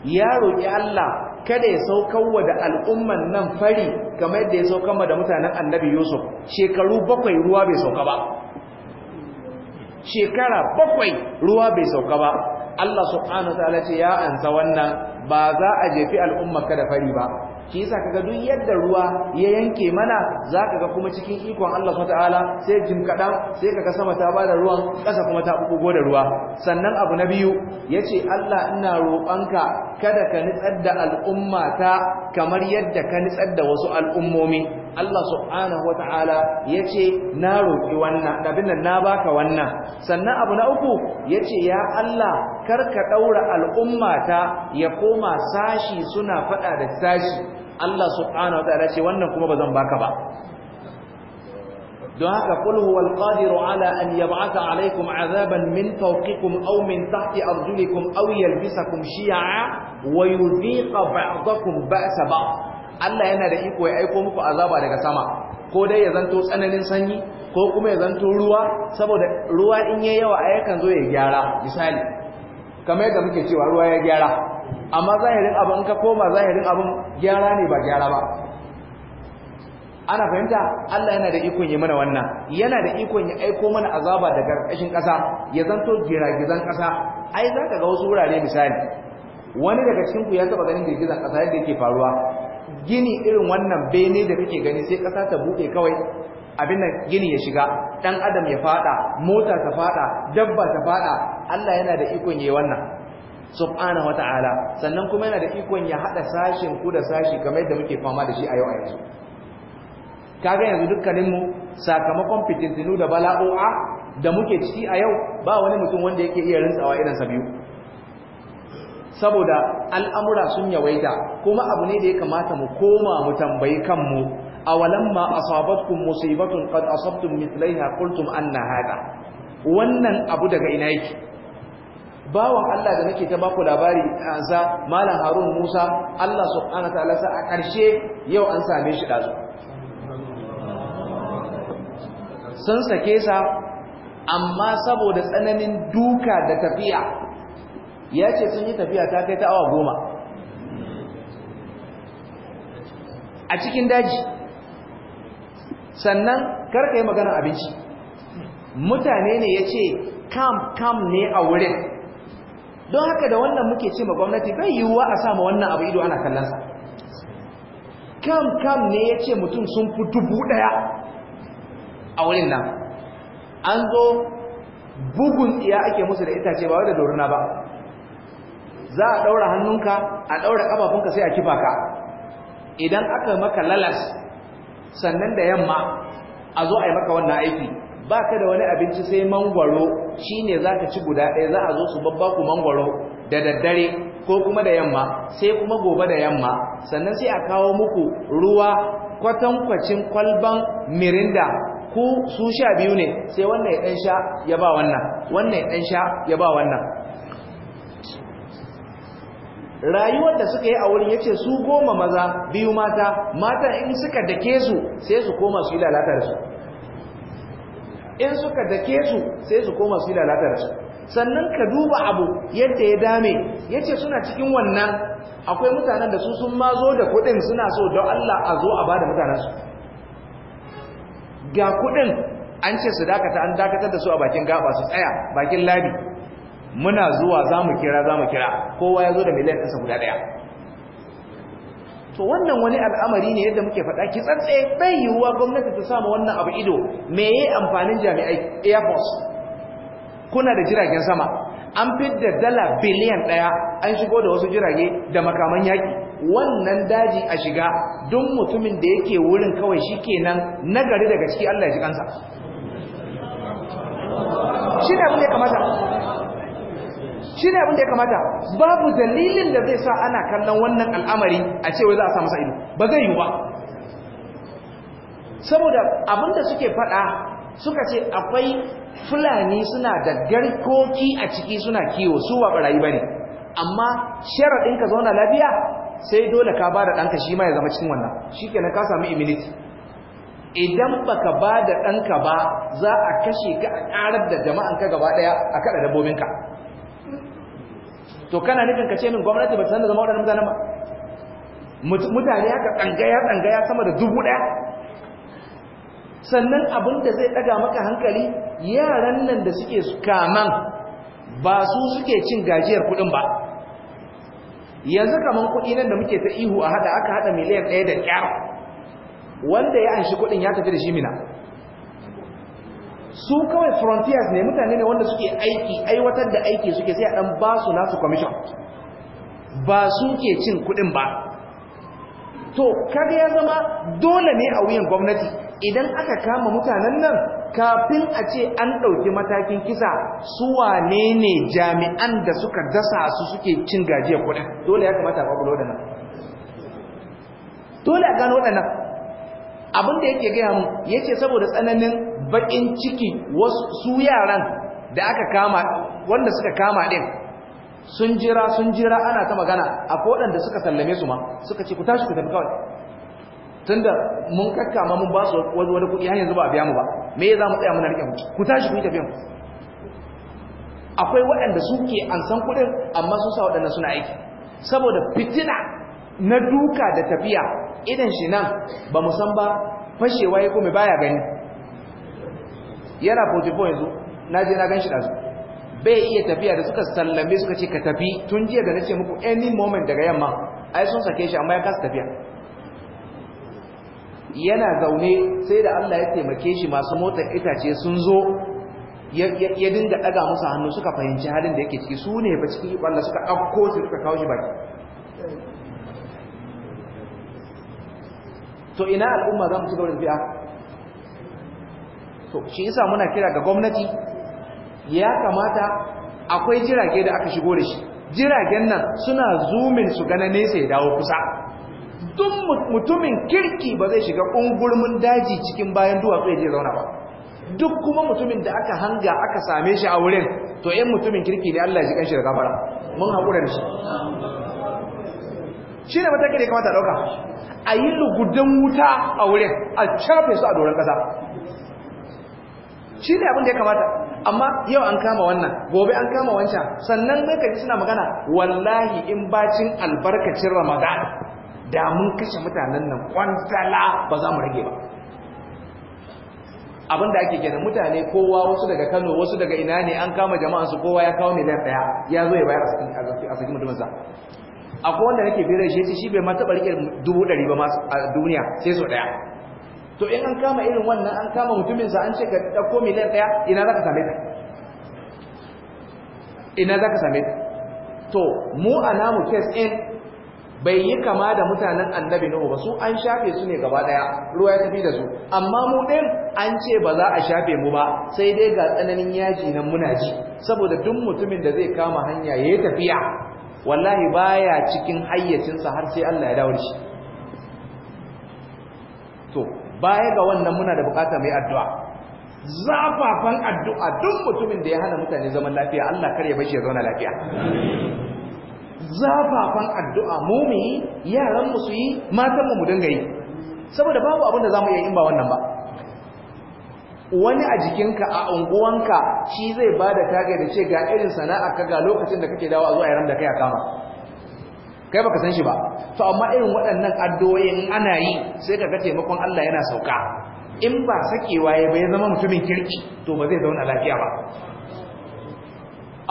ya roki Allah kada ya saukarwa da al'umman nan fari kamar yadda ya saukarwa da mutanen annabi yusuf shekaru bakwai ruwa bai sauka ba shekara bakwai ruwa bai sauka ba Allah subhanahu wa ta'ala ce ya ansa wannan ba za a jefi al'umma kada fari ba shi yasa kaga duk yadda ruwa ya yanke mana za ka ga kuma cikin ikon Allah subhanahu wa ta'ala sai jim kadan sai kaga sama ta da ruwan ƙasa kuma ta bugo da ruwa sannan abu na biyu ya ce, Allah ina roƙonka kada ka nitsar da al'umma ta kamar yadda ka nitsar da wasu al'ummomi Allah subhanahu wata'ala ya ce na roƙi wannan abin nan na baka wannan sannan abu na uku ya ce ya Allah karka ɗaura al'ummata ya koma sashi suna faɗa da sashi Allah subhanahu wata'ala ce wannan kuma ba zan baka ba don haka kul huwal qadiru ala an yab'atha alaykum azaban min fawqikum aw min tahti arjulikum aw yalbisakum shi'a wa yudhiqa ba'dakum ba'sa ba'd Allah yana da iko ya aiko muku azaba daga sama ko dai ya zanto tsananin sanyi ko kuma ya zanto ruwa saboda ruwa in yayi yawa ai yakan zo ya gyara misali kamar yadda muke cewa ruwa ya gyara amma zahirin in ka koma zahirin abu gyara ne ba gyara ba ana fahimta Allah yana da ikon yi mana wannan yana da ikon ya aiko mana azaba daga ƙarƙashin ƙasa ya zanto giragizan ƙasa ai za ka ga wasu wurare misali wani daga cikin ku ya taba ganin girgizan ƙasa yadda yake faruwa gini irin wannan bene da kake gani sai ƙasa ta buɗe kawai abin da gini ya shiga ɗan adam ya faɗa mota ta faɗa dabba ta faɗa Allah yana da ikon yi wannan subhanahu wata'ala sannan kuma yana da ikon ya haɗa sashen ku da sashi kamar da muke fama da shi a yau a yanzu kaga yanzu dukkaninmu sakamakon fitintinu da bala'o'a da muke ciki a yau ba wani mutum wanda yake iya rintsawa irin sa biyu saboda al'amura sun yawaita kuma abu ne da ya kamata mu koma mu tambayi kanmu a a sababkun musibatun qad asabtum kultum an na haɗa wannan abu daga ina yake bawan Allah da nake ta baku labari za malam Harun Musa Allah su wa talasa a ƙarshe yau an same shi ɗazu. sun sake sa amma saboda tsananin duka da tafiya ya ce sun yi tafiya ta kai ta awa goma a cikin daji sannan karka yi maganar abinci mutane ne ya ce kam kam ne a wurin don haka da wannan muke ce ma gwamnati bai yiwuwa a sama wannan abu ido ana kallonsa kam kam ne ya ce mutum sun fi dubu ɗaya a wurin nan an zo bugun iya ake musu da itace ba wadda doruna ba za a daura hannunka a daura kafafunka sai a kifa ka idan aka maka lalas sannan da yamma a zo a yi maka wannan aiki ba ka da wani abinci sai mangwaro shi ne za ka ci guda ɗaya za a zo su babba ku mangwaro da daddare ko kuma da yamma sai kuma gobe da yamma sannan sai a kawo muku ruwa kwatankwacin kwalban mirinda ku su sha biyu ne sai wannan ya wannan wannan ya ɗan sha ya ba wannan rayuwar da suka yi a wurin yace su goma maza biyu mata mata in suka dake su sai su koma su lalata su in suka dake su sai su koma su yi lalata su sannan ka duba abu yadda ya dame yace suna cikin wannan akwai mutanen da su sun ma zo da kuɗin suna so don Allah a zo a bada mutanen su ga kuɗin an ce su dakata an dakatar da su a bakin gaba su tsaya bakin labi muna zuwa za mu kira za mu kira kowa ya zo da miliyan ɗinsa guda ɗaya to wannan wani al'amari ne yadda muke faɗa ki tsantsaye bai yiwuwa gwamnati ta samu wannan abu ido me yi amfanin jami'ai air force kuna da jiragen sama an fidda dala biliyan ɗaya an shigo da wasu jirage da makaman yaƙi wannan daji a shiga don mutumin da yake wurin kawai shi kenan nagari daga ciki allah ya ji kansa shi ne abin da kamata shi ne abin da ya kamata babu dalilin da zai sa ana kallon wannan al'amari a cewa za a samu sa'ido ba zai yi ba saboda abin da suke faɗa suka ce akwai fulani suna da garkoki a ciki suna kiwo su ba barayi ba ne amma sharaɗin ka zauna lafiya sai dole ka ba da ɗanka shi ma ya zama cikin wannan shi kenan ka samu immunity idan baka ba da ɗanka ba za a kashe ka a ƙarar da jama'anka gaba ɗaya a kaɗa dabbobinka to kana nufin ka ce min gwamnati ba san da zama waɗannan mutanen ba mutane haka tsangaya tsangaya sama da dubu ɗaya sannan abin da zai ɗaga maka hankali yaran nan da suke kaman ba su suke cin gajiyar kuɗin ba yanzu kaman kuɗi nan da muke ta ihu a hada aka haɗa miliyan ɗaya da ƙyar wanda ya anshi kuɗin ya tafi da shi mina su kawai frontiers ne mutane ne wanda suke aiki aiwatar da aiki suke sai a dan ba su nasu commission ba su ke cin kudin ba to kaga ya zama dole ne a wuyan gwamnati idan aka kama mutanen nan kafin a ce an ɗauki matakin kisa su wane ne jami'an da suka dasa su suke cin gajiyar kudin dole ya kamata a kwakwalo da nan dole a gano waɗannan abin da yake gaya mu ya ce saboda tsananin bakin ciki wasu su yaran da aka kama wanda suka kama din sun jira sun jira ana ta magana akwai waɗanda suka sallame su ma suka ce ku tashi ku tafi kawai tunda mun kakkama mun ba su wani kuɗi har yanzu ba a biya mu ba me ya za mu tsaya muna riƙe mu ku tashi ku tafi tafiyan akwai waɗanda suke an san kuɗin amma sun sa waɗanda suna aiki saboda fitina na duka da tafiya idan shi nan ba mu san ba fashewa ya kome baya gani yana 44 yanzu na je na ganshi dazu bai iya tafiya da suka sallame suka ce ka tafi tun jiya da na ce muku any moment daga yamma ai sun sake shi amma ya kasa tafiya yana zaune sai da Allah ya taimake shi masu motar itace sun zo ya dinga ɗaga musu hannu suka fahimci halin da yake ciki su ne ba ciki wanda suka ɗauko su suka kawo shi baki to ina al'umma za mu ci gaba da to shi yasa muna kira ga gwamnati ya kamata akwai jirage da aka shigo da shi jiragen nan suna zumin su gana nesa ya dawo kusa duk mutumin kirki ba zai shiga ungurmin daji cikin bayan duwatsu ya je zauna ba duk kuma mutumin da aka hanga aka same shi a wurin to yan mutumin kirki ne Allah ya ji kanshi da gafara mun haƙura da shi shi ne matakin da ya kamata ɗauka a yi lugudan wuta a wurin a cafe su a doron ƙasa shi ne abin da ya kamata amma yau an kama wannan gobe an kama wancan sannan zai kaji suna magana wallahi in bacin albarkacin ramadan da mun kashe mutanen nan kwantala ba za mu rage ba abin da ake kenan mutane kowa wasu daga kano wasu daga ina ne an kama jama'ansu su kowa ya kawo miliyan daya ya zo ya bayar a sakin mutumin sa akwai wanda nake bira shi shi bai ma taɓa rike dubu ɗari ba a duniya sai su ɗaya to in an kama irin wannan an kama mutumin sa an ce ka dauko miliyan daya ina zaka same ta ina zaka same ta to mu a namu case in bai yi kama da mutanen annabi nuhu ba su an shafe su ne gaba daya ruwa ya tafi da su amma mu din an ce ba za a shafe mu ba sai dai ga tsananin yaji nan muna ji saboda duk mutumin da zai kama hanya yayi tafiya wallahi baya cikin hayyacinsa har sai Allah ya dawo da shi baya ga wannan muna da bukata mai addu'a zafafan addu'a duk mutumin da ya hana mutane zaman lafiya Allah kar ya bashi ya zauna lafiya zafafan addu'a mu mu yi yaran mu su yi matan mu mu dinga yi saboda babu abin da mu iya in ba wannan ba wani a jikinka a unguwanka shi zai bada kage da ce ga irin sana'a ka ga lokacin da kake dawo a zuwa yaran da kai a kama kai baka san shi ba to amma irin waɗannan addu'o'in ana yi sai kaga taimakon Allah yana sauka in ba sakewa ya zama mutumin kirki to ba zai zauna lafiya ba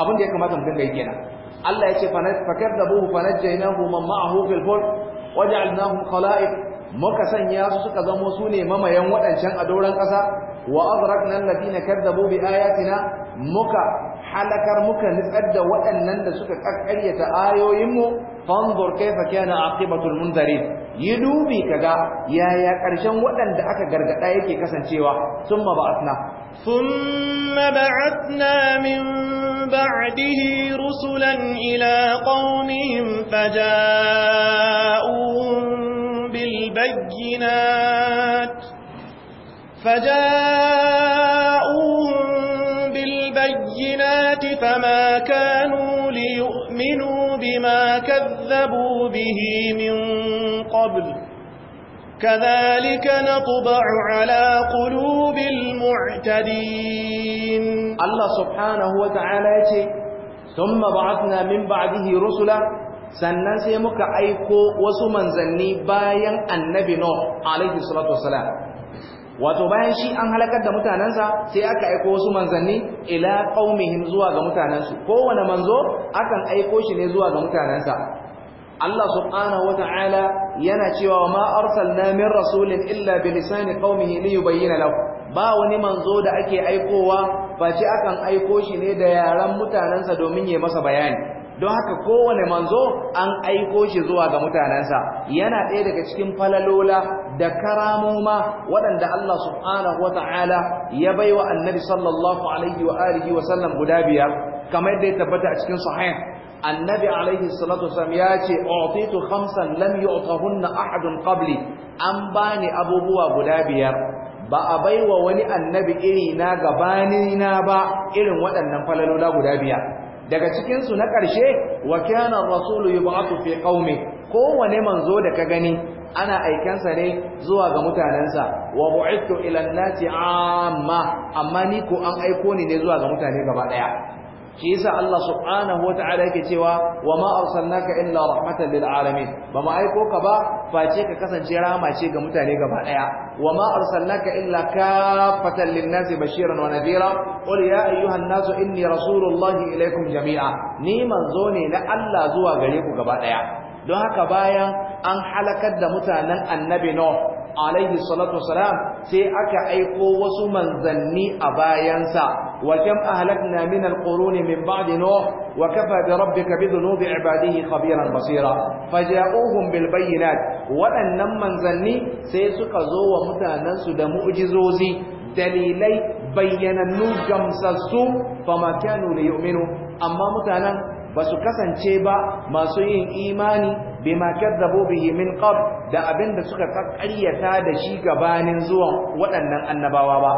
abin da ya kamata mu dinga yi kenan Allah ya ce fa kadzabuhu fa najjaynahu man ma'ahu fil fulk waja'alnahum khala'iq muka sanya su suka zamo su ne mamayan waɗancan a doron ƙasa wa azraqna alladhina kadzabu bi ayatina muka halakar muka nitsar da waɗannan da suka kakkaryata ayoyinmu fanzur kaifa kana aqibatul mundarin yi dubi kaga yaya karshen waɗanda aka gargada yake kasancewa summa ba'athna summa ba'athna min ba'dihi rusulan ila qaumihim faja'u bil bayyinat bil bayyinati fama kana يؤمنوا بما كذبوا به من قبل كذلك نطبع على قلوب المعتدين الله سبحانه وتعالى ثم بعثنا من بعده رسلا sannan sai muka aiko wasu manzanni bayan annabi Nuh alaihi salatu wassalam wato bayan shi an halakar da mutanensa sai aka aiko wasu manzanni ila qaumihim zuwa ga mutanensu kowane manzo akan aiko shi ne zuwa ga mutanensa Allah subhanahu wata'ala yana cewa ma arsalna min rasulin illa bi lisani qaumihi li yubayyana lahu ba wani manzo da ake aikowa ba face akan aiko shi ne da yaran mutanensa domin ya masa bayani don haka kowane manzo an aiko shi zuwa ga mutanensa yana ɗaya daga cikin falalola da karamoma waɗanda Allah subhanahu wata'ala ya baiwa annabi sallallahu alaihi wa alihi wa sallam guda biyar kamar yadda ya tabbata a cikin sahih annabi alaihi salatu wasallam ya ce utitu khamsan lam yu'tahunna ahadun qabli an bani abubuwa guda biyar ba a baiwa wani annabi iri na gabani na ba irin waɗannan falalola guda biyar daga cikin su na ƙarshe wa kana rasulu yub'athu fi qaumi kowane manzo da ka gani ana aikansa ne zuwa ga mutanensa wa bu'ithu ila an amma amma ni ko an aiko ni ne zuwa ga mutane gaba daya shi yasa Allah subhanahu wata'ala yake cewa wa ma arsalnaka illa rahmatan lil alamin ba mu aiko ka ba face ka kasance rahama ce ga mutane gaba daya wa ma arsalnaka illa kafatan lin nas bashiran wa nadira qul ya ayyuha an-nas inni rasulullahi ilaykum jami'a ni manzo ne na Allah zuwa gare ku gaba daya don haka bayan an halakar da mutanen annabi no alaihi salatu wasalam sai aka aiko wasu manzanni a bayansa wa kam ahlakna min alquruni min ba'di no wa kafa bi rabbika bi dhunubi ibadihi khabiran basira faja'uhum bil bayyinat waɗannan manzanni sai suka zo wa mutanen su da mu'jizozi dalilai bayyanannu gamsassu fama kanu da yu'minu amma mutanen ba su kasance ba masu yin imani bima kadzabu bihi min qabl da abinda suka karyata da shi gabanin zuwan waɗannan annabawa ba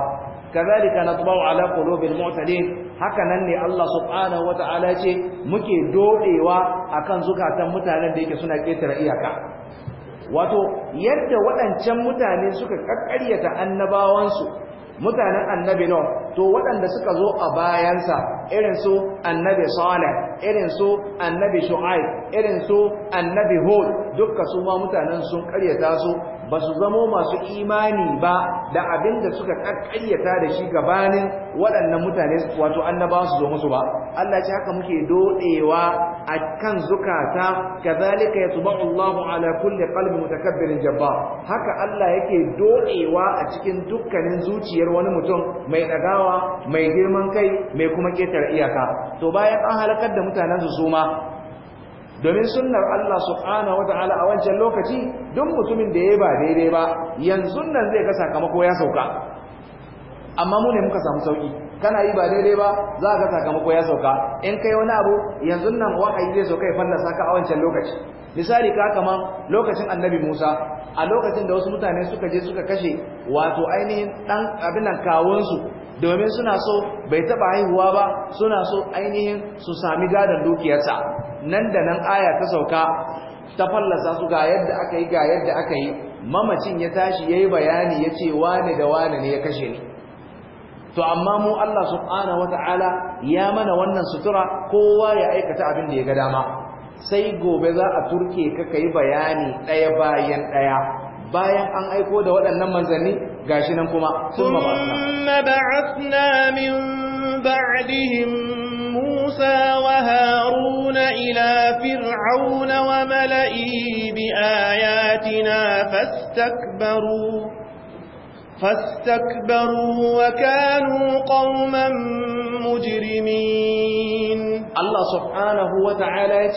kazalika natba'u ala qulubil mu'tadin haka nan ne Allah subhanahu wata'ala ce muke dodewa akan zukatan mutanen da yake suna ketare iyaka wato yadda waɗancan mutane suka kakkaryata annabawansu mutanen annabi no to waɗanda suka zo a bayansa irin su annabi salih irin su annabi shu'ai irin su annabi hud dukka su ma mutanen sun ƙaryata su ba su zamo masu imani ba da abin da suka ƙaryata da shi gabanin waɗannan mutane wato annabawa su zo musu ba Allah ce haka muke dodewa akan zukata kazalika zuba Allahu ala kulli qalbi mutakabbirin jabbar haka Allah yake doɗewa a cikin dukkanin zuciyar wani mutum mai dagawa mai girman kai mai kuma ketar iyaka to bayan an halakar da mutanen su suma domin sunnar Allah subhanahu wata'ala a wancan lokaci duk mutumin da yayi ba daidai ba yanzu nan zai ga sakamako ya sauka amma mu ne muka samu sauki kana yi ba daidai ba za ka sakamako ya sauka in kai wani abu yanzu nan yi zai sauka ya fallasa ka a wancan lokaci misali ka kama lokacin annabi Musa a lokacin da wasu mutane suka je suka kashe wato ainihin dan abinan kawunsu domin suna so bai taba haihuwa ba suna so ainihin su sami gadon dukiyarsa nan da nan aya ta sauka ta fallasa su ga yadda aka yi ga yadda aka yi mamacin ya tashi ya yi bayani ya ce wane da wane ne ya kashe ni to amma mu Allah subhanahu wata'ala ya mana wannan sutura kowa ya aikata abin da ya ga dama sai gobe za a turke ka kai bayani ɗaya bayan ɗaya bayan an aiko da waɗannan manzanni gashi nan kuma sun ba'athna min ba'dihim Musa wa Haruna ila fir'auna wa mala'ihi bi ayatina fastakbaru فاستكبروا وكانوا قوما مجرمين الله سبحانه وتعالى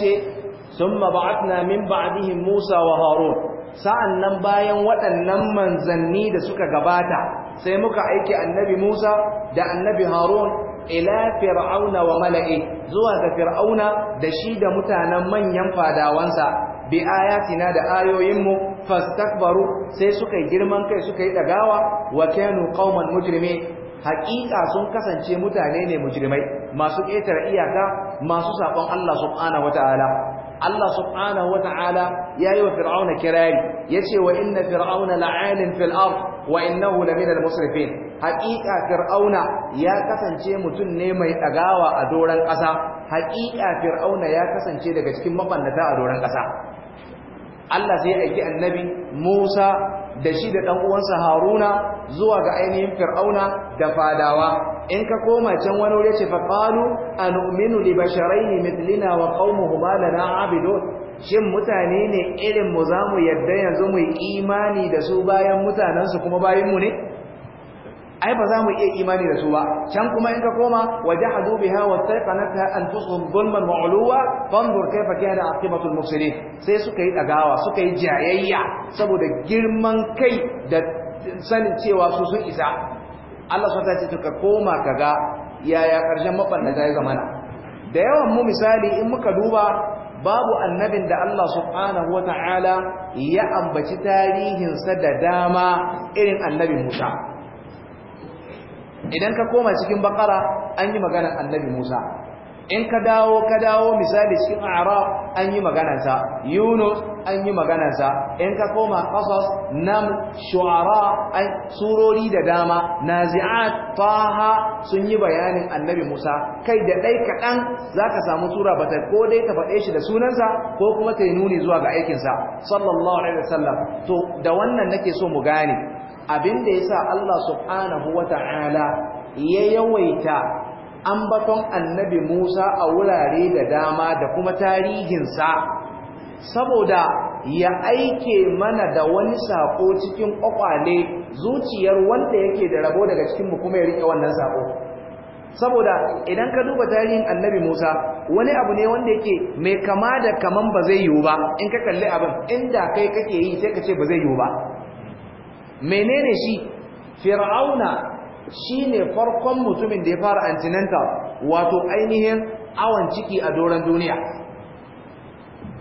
ثم بعثنا من بعدهم موسى وهارون sa'annan bayan waɗannan manzanni da suka gabata sai muka aiki annabi Musa da annabi Harun ila fir'auna wa mala'i zuwa ga fir'auna da shi da mutanen manyan fadawansa bi ayatina da ayoyinmu fastakbaru sai suka yi girman kai suka yi dagawa wa kanu qauman mujrimi haƙiƙa sun kasance mutane ne mujrimai masu ƙetare iyaka masu saƙon Allah subhanahu wataala Allah subhanahu wataala yayi wa fir'auna kirari yace wa inna fir'auna la'alin fil ard wa innahu lamina al-musrifin haƙiƙa fir'auna ya kasance mutum ne mai dagawa a doran ƙasa haƙiƙa fir'auna ya kasance daga cikin mabannata a doran ƙasa Allah sai ya aiki annabi Musa da shi da ɗan uwansa Haruna zuwa ga ainihin Fir'auna da fadawa in ka koma can wani wuri ce fa qalu anu'minu li basharayn mithlina wa qaumuhuma lana abidun shin mutane ne irin mu zamu yadda yanzu mu imani da su bayan mutanansu kuma bayan mu ne ai ba za mu iya imani da su ba can kuma in ka koma wajahadu biha wastaqanatha anfusuhum dhulman wa uluwa fanzur kayfa kana aqibatul mufsidin sai suka yi dagawa suka yi jayayya saboda girman kai da sanin cewa su sun isa Allah ta ce ka koma kaga yaya karshen mabannata ya zamana da yawan mu misali in muka duba babu annabin da Allah subhanahu wa ta'ala ya ambaci tarihinsa da dama irin annabin Musa idan ka koma cikin bakara an yi maganar annabi musa in ka dawo ka dawo misali cikin arab an yi maganarsa yunus an yi maganarsa in ka koma kasas nam shu'ara an surori da dama nazi'at taha sun yi bayanin annabi musa kai da dai kaɗan za ka samu tura ba ta ko dai ta faɗe shi da sunansa ko kuma ta yi nuni zuwa ga aikinsa sallallahu alaihi wasallam to da wannan nake so mu gane abin da ya sa Allah subhanahu wata'ala ya yawaita ambaton annabi Musa a wurare da dama da kuma tarihinsa saboda ya aike mana da wani sako cikin kwakwale zuciyar wanda yake da rabo daga cikin mu kuma ya rike wannan sako saboda idan ka duba tarihin annabi Musa wani abu ne wanda yake mai kama da kaman ba zai yiwu ba in ka kalli abin inda kai kake yi sai ka ce ba zai yiwu ba menene shi fir'auna shine farkon mutumin da ya fara antinanta wato ainihin awon ciki a doron duniya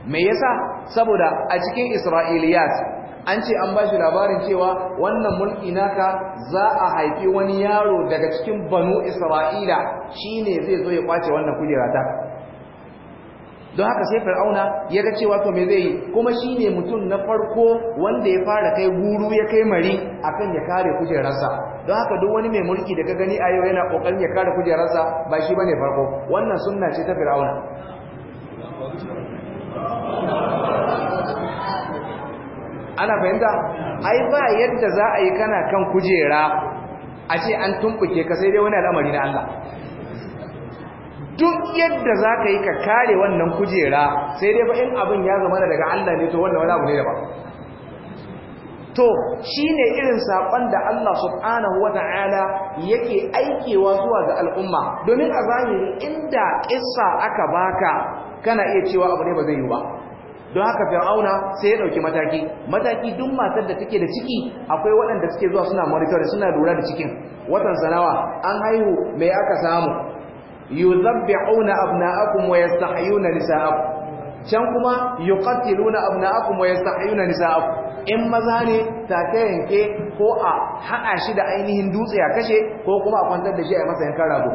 me yasa saboda a cikin isra'iliyat an ce an bashi labarin cewa wannan mulki naka za a haifi wani yaro daga cikin banu isra'ila shine zai zo ya kwace wannan kujerata. don haka sai fir'auna ya ga cewa to me zai yi kuma shine mutum na farko wanda ya fara kai guru ya kai mari akan ya kare kujerarsa don haka duk wani mai mulki da ka gani a yau yana kokarin ya kare kujerarsa ba shi bane farko wannan sunna ce ta fir'auna ana fahimta ai ba yadda za a yi kana kan kujera a ce an tumbuke ka sai dai wani al'amari na Allah duk yadda za ka yi ka kare wannan kujera sai dai fa in abin ya zama daga Allah ne to wannan wani abu ne da ba. to shi ne irin saƙon da Allah subhanahu wa ta’ala yake aikewa zuwa ga al'umma domin a zahiri inda kissa aka baka kana iya cewa abu ne ba zai yi ba don haka fir'auna sai ya ɗauki mataki mataki duk matar da take da ciki akwai waɗanda suke zuwa suna monitor suna lura da cikin watan sanawa an haihu mai aka samu yuzabbi'una abna'akum wa yastahiyuna nisa'akum can kuma yuqatiluna abna'akum wa yastahiyuna nisa'akum in maza ne ta ta yanke ko a haɗa shi da ainihin dutse ya kashe ko kuma a kwantar da shi a masa yankan rago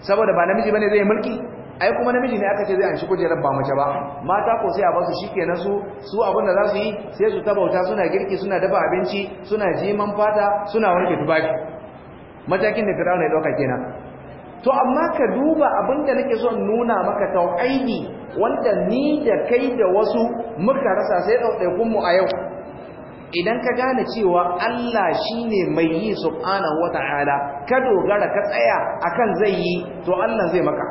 saboda ba namiji bane zai mulki ai kuma namiji ne aka ce zai anshi kujerar ba mace ba mata ko sai a basu shikenan su su abin da za su yi sai su tabauta suna girki suna dafa abinci suna jiman fata suna wanke tufafi matakin da Fir'auna ya dauka kenan to amma ka duba abinda nake so nuna maka tauhidi wanda ni da kai da wasu muka rasa sai ɗaiɗaikun mu a yau idan ka gane cewa Allah shine mai yi subhanahu wata'ala ka dogara ka tsaya akan zai yi to Allah zai maka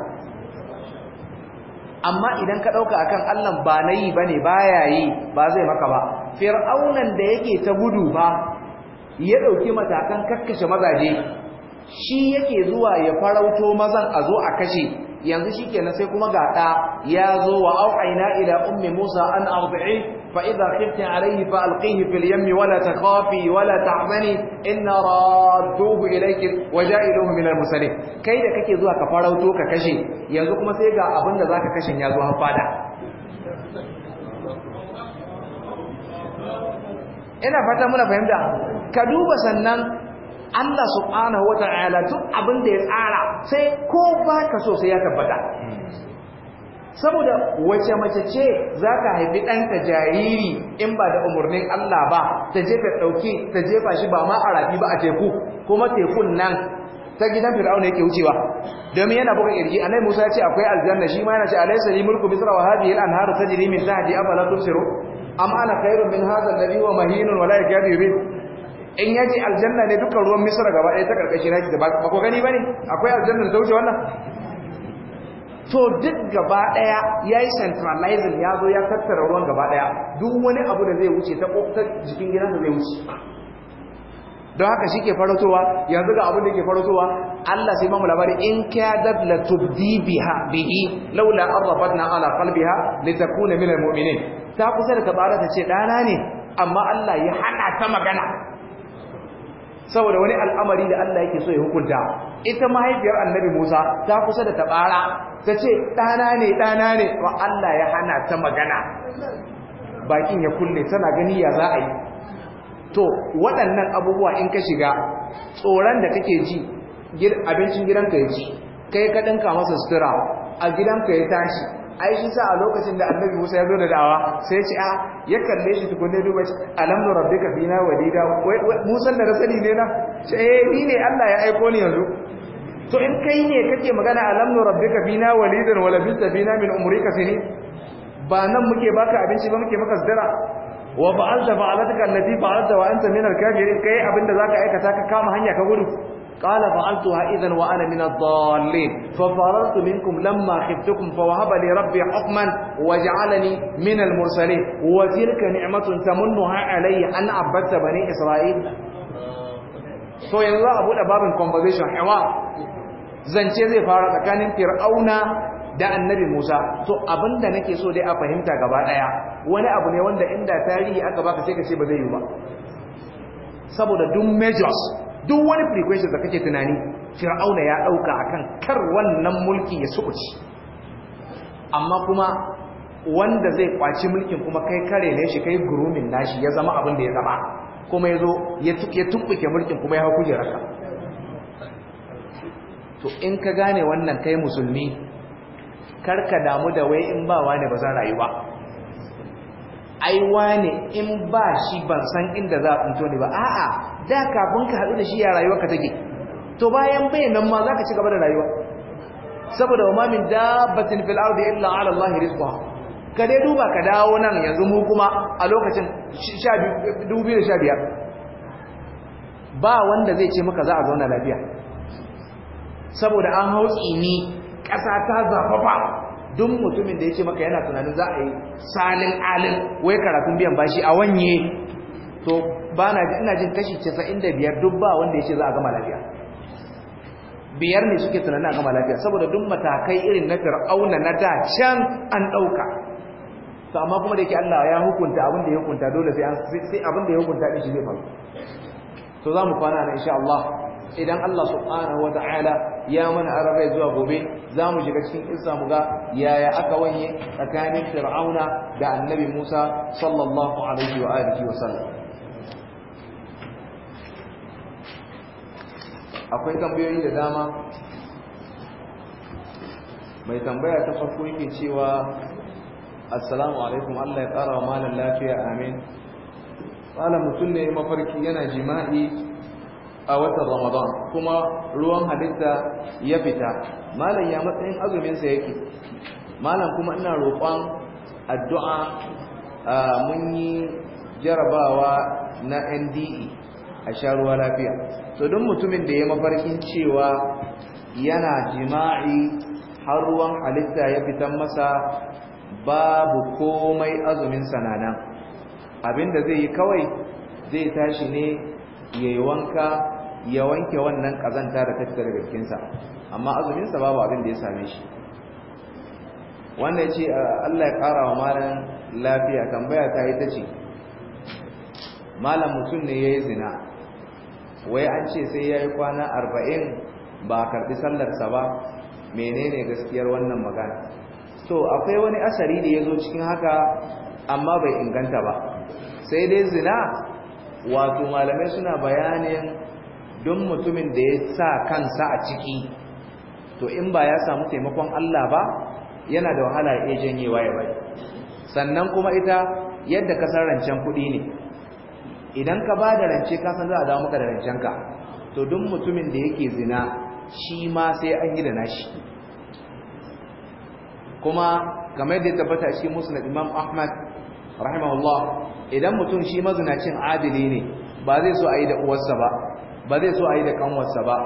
amma idan ka ɗauka akan Allah ba na yi bane baya yi ba zai maka ba fir'aunan da yake ta gudu ba ya ɗauki matakan kakkashe mazaje shi yake zuwa ya farauto mazan a zo a kashe yanzu shi kenan sai kuma ga ɗa ya zo wa au'aina ila ummi musa an arbi'i fa idza khifti alayhi fa alqihi fil yammi wa la takhafi wa la tahzani inna radduhu ilayki wa ja'iluhu min al kai da kake zuwa ka farauto ka kashe yanzu kuma sai ga abin da zaka kashe ya zo har fada ina fata muna fahimta ka duba sannan Allah subhanahu wata'ala tun abin da ya tsara sai ko ka so sai ya tabbata saboda wace mace ce za ka haifi ɗanka jariri in ba da umarnin Allah ba ta je ɗauki ta jefa shi ba ma a rafi ba a teku kuma tekun nan ta gidan fir'auna yake wucewa domin yana buga irgi anai musa ya ce akwai aljanna shi ma yana ce alaysa li mulku misra wa hadhihi al-anharu tajri min tahti afala tubsiru amma ana khairun min hadha alladhi huwa mahinun wa la yakadu in ya ce aljanna ne dukkan ruwan misira gaba ɗaya ta ƙarƙashin haƙi da ba ko gani ba ne akwai aljanna da ta wuce wannan to duk gaba ɗaya ya yi centralizing ya zo ya tattara ruwan gaba ɗaya duk wani abu da zai wuce ta jikin da zai wuce don haka shi ke farautowa yanzu ga abin da ke farautowa Allah sai mamu labari in kyadat la tubdi biha bihi laula na ala qalbiha litakuna min mu'minin ta kusa da tabara ta ce ɗana ne amma Allah ya hana ta magana saboda wani al'amari da Allah yake so ya hukunta ita mahaifiyar annabi Musa ta kusa da tabara ta ce ɗana ne ɗana ne wa Allah ya hana ta magana bakin ya kulle tana gani ya za a yi to waɗannan abubuwa in ka shiga tsoron da kake ji abincin gidanka ya ci kai ka ɗinka masa sutura a gidanka ya tashi ai shi sa a lokacin da annabi Musa ya zo da dawa sai ya ce a ah, ya kalle shi tukunne duba shi alam nu rabbika fina walida Musa da rasali ne na ce eh ni ne Allah ya aiko ni yanzu to in kai ne kake magana alam nu rabbika fina walidan wala bista fina min umrika sini ba nan muke baka abinci ba muke maka sadara wa fa'alta fa'alataka allati fa'alta wa anta min al-kafirin kai abinda zaka aikata ka kama hanya ka gudu قال فعلتها إذا وأنا من الضالين ففررت منكم لما خفتكم فوهب لي ربي حكما وجعلني من المرسلين وتلك نعمة تمنها علي أن عبدت بني إسرائيل so yanzu za a buɗe babin conversation hawa zance zai fara tsakanin fir'auna da annabi musa to abinda nake so dai a fahimta gaba ɗaya wani abu ne wanda inda tarihi aka baka sai ka ce ba zai yi ba saboda duk majors duk wani frequency da kake tunani fir'auna ya dauka akan kar wannan mulki ya sukuci amma kuma wanda zai kwaci mulkin kuma kai kare ne shi kai gurumin nashi ya zama abin da ya zama kuma ya zo ya mulkin kuma ya hau kujeraka to in ka gane wannan kai musulmi karka damu da wai in ba wani ba za rayu ba Aiwa ne in ba shi ban san inda za a fito ne ba a'a da kafin ka haɗu da shi ya rayuwa ka take to bayan bayanan ma zaka ci gaba da rayuwa saboda wa min dabbatin fil ardi illa ala Allah rizqa ka dai duba ka dawo nan yanzu mu kuma a lokacin 2015 ba wanda zai ce maka za a zauna lafiya saboda an hautsi ni ƙasa ta zafafa duk mutumin da ya ce maka yana tunanin za a yi salin alin wai karatun biyan bashi a wanye to ba na ina jin kashi 95 duk ba wanda ya ce za a gama lafiya biyar ne suke tunanin a gama lafiya saboda duk matakai irin na fir'auna na da can an ɗauka to amma kuma da yake Allah ya hukunta abin da ya hukunta dole sai abin da ya hukunta ɗin shi zai faru to za mu kwana na insha Allah idan Allah subhanahu wa ta'ala ya mana arabai zuwa gobe za mu shiga cikin isa mu ga yaya aka wanye tsakanin fir'auna da annabi Musa sallallahu alaihi wa alihi wa sallam akwai tambayoyi da dama mai tambaya ta farko yake cewa assalamu alaikum Allah ya tsara wa malam lafiya amin malam mutum ne mafarki yana jima'i a watan ramadan kuma ruwan halitta ya fita malam ya matsayin azuminsa yake malam kuma ina roƙon addu'a mun yi jarabawa na nde a sharuwa lafiya so don mutumin da ya mafarkin cewa yana jima'i har ruwan halitta ya fitan masa babu komai azumin sananan abinda zai yi kawai zai tashi ne yayi wanka ya wanke wannan kazanta da ta fita daga jikinsa amma azuminsa babu abin da ya same shi wanda ya ce Allah ya kara wa malam lafiya tambaya ta yi ta ce malam mutum ne ya yi zina wai an ce sai ya yi kwana arba'in ba a karɓi sallarsa ba menene gaskiyar wannan magana to akwai wani asari da ya zo cikin haka amma bai inganta ba sai dai zina wato malamai suna bayanin don mutumin da ya sa kansa a ciki to in ba ya samu taimakon Allah ba yana da wahala ya janyewa ya waye sannan kuma ita yadda ka san rancen kuɗi ne idan ka ba da rance ka san za a dawo maka da rancenka to duk mutumin da yake zina shi ma sai an yi da nashi kuma kamar da ya tabbata shi musulun imam ahmad rahimahullah idan mutum shi mazinacin adili ne ba zai so a yi da uwarsa ba ba zai so a yi da kanwarsa ba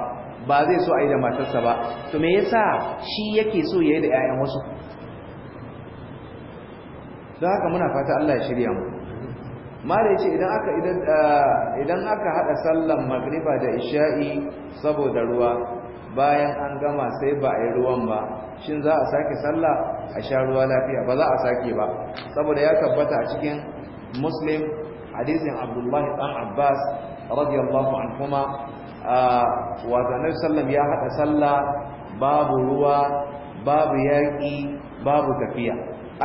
ba zai so a yi da matarsa ba to me yasa shi yake so ya yi da 'ya'yan wasu don haka muna fata Allah ya shirya mu mara ce idan aka idan eh, aka hada sallan magriba da isha'i saboda ruwa bayan an gama sai ba a yi ruwan ba shin za a sake sallah a sha ruwa lafiya ba za a sake ba saboda ya tabbata a cikin muslim hadisin abdullahi dan abbas radiyallahu anhuma wato annabi sallam ya hada sallah babu ruwa babu yaƙi babu tafiya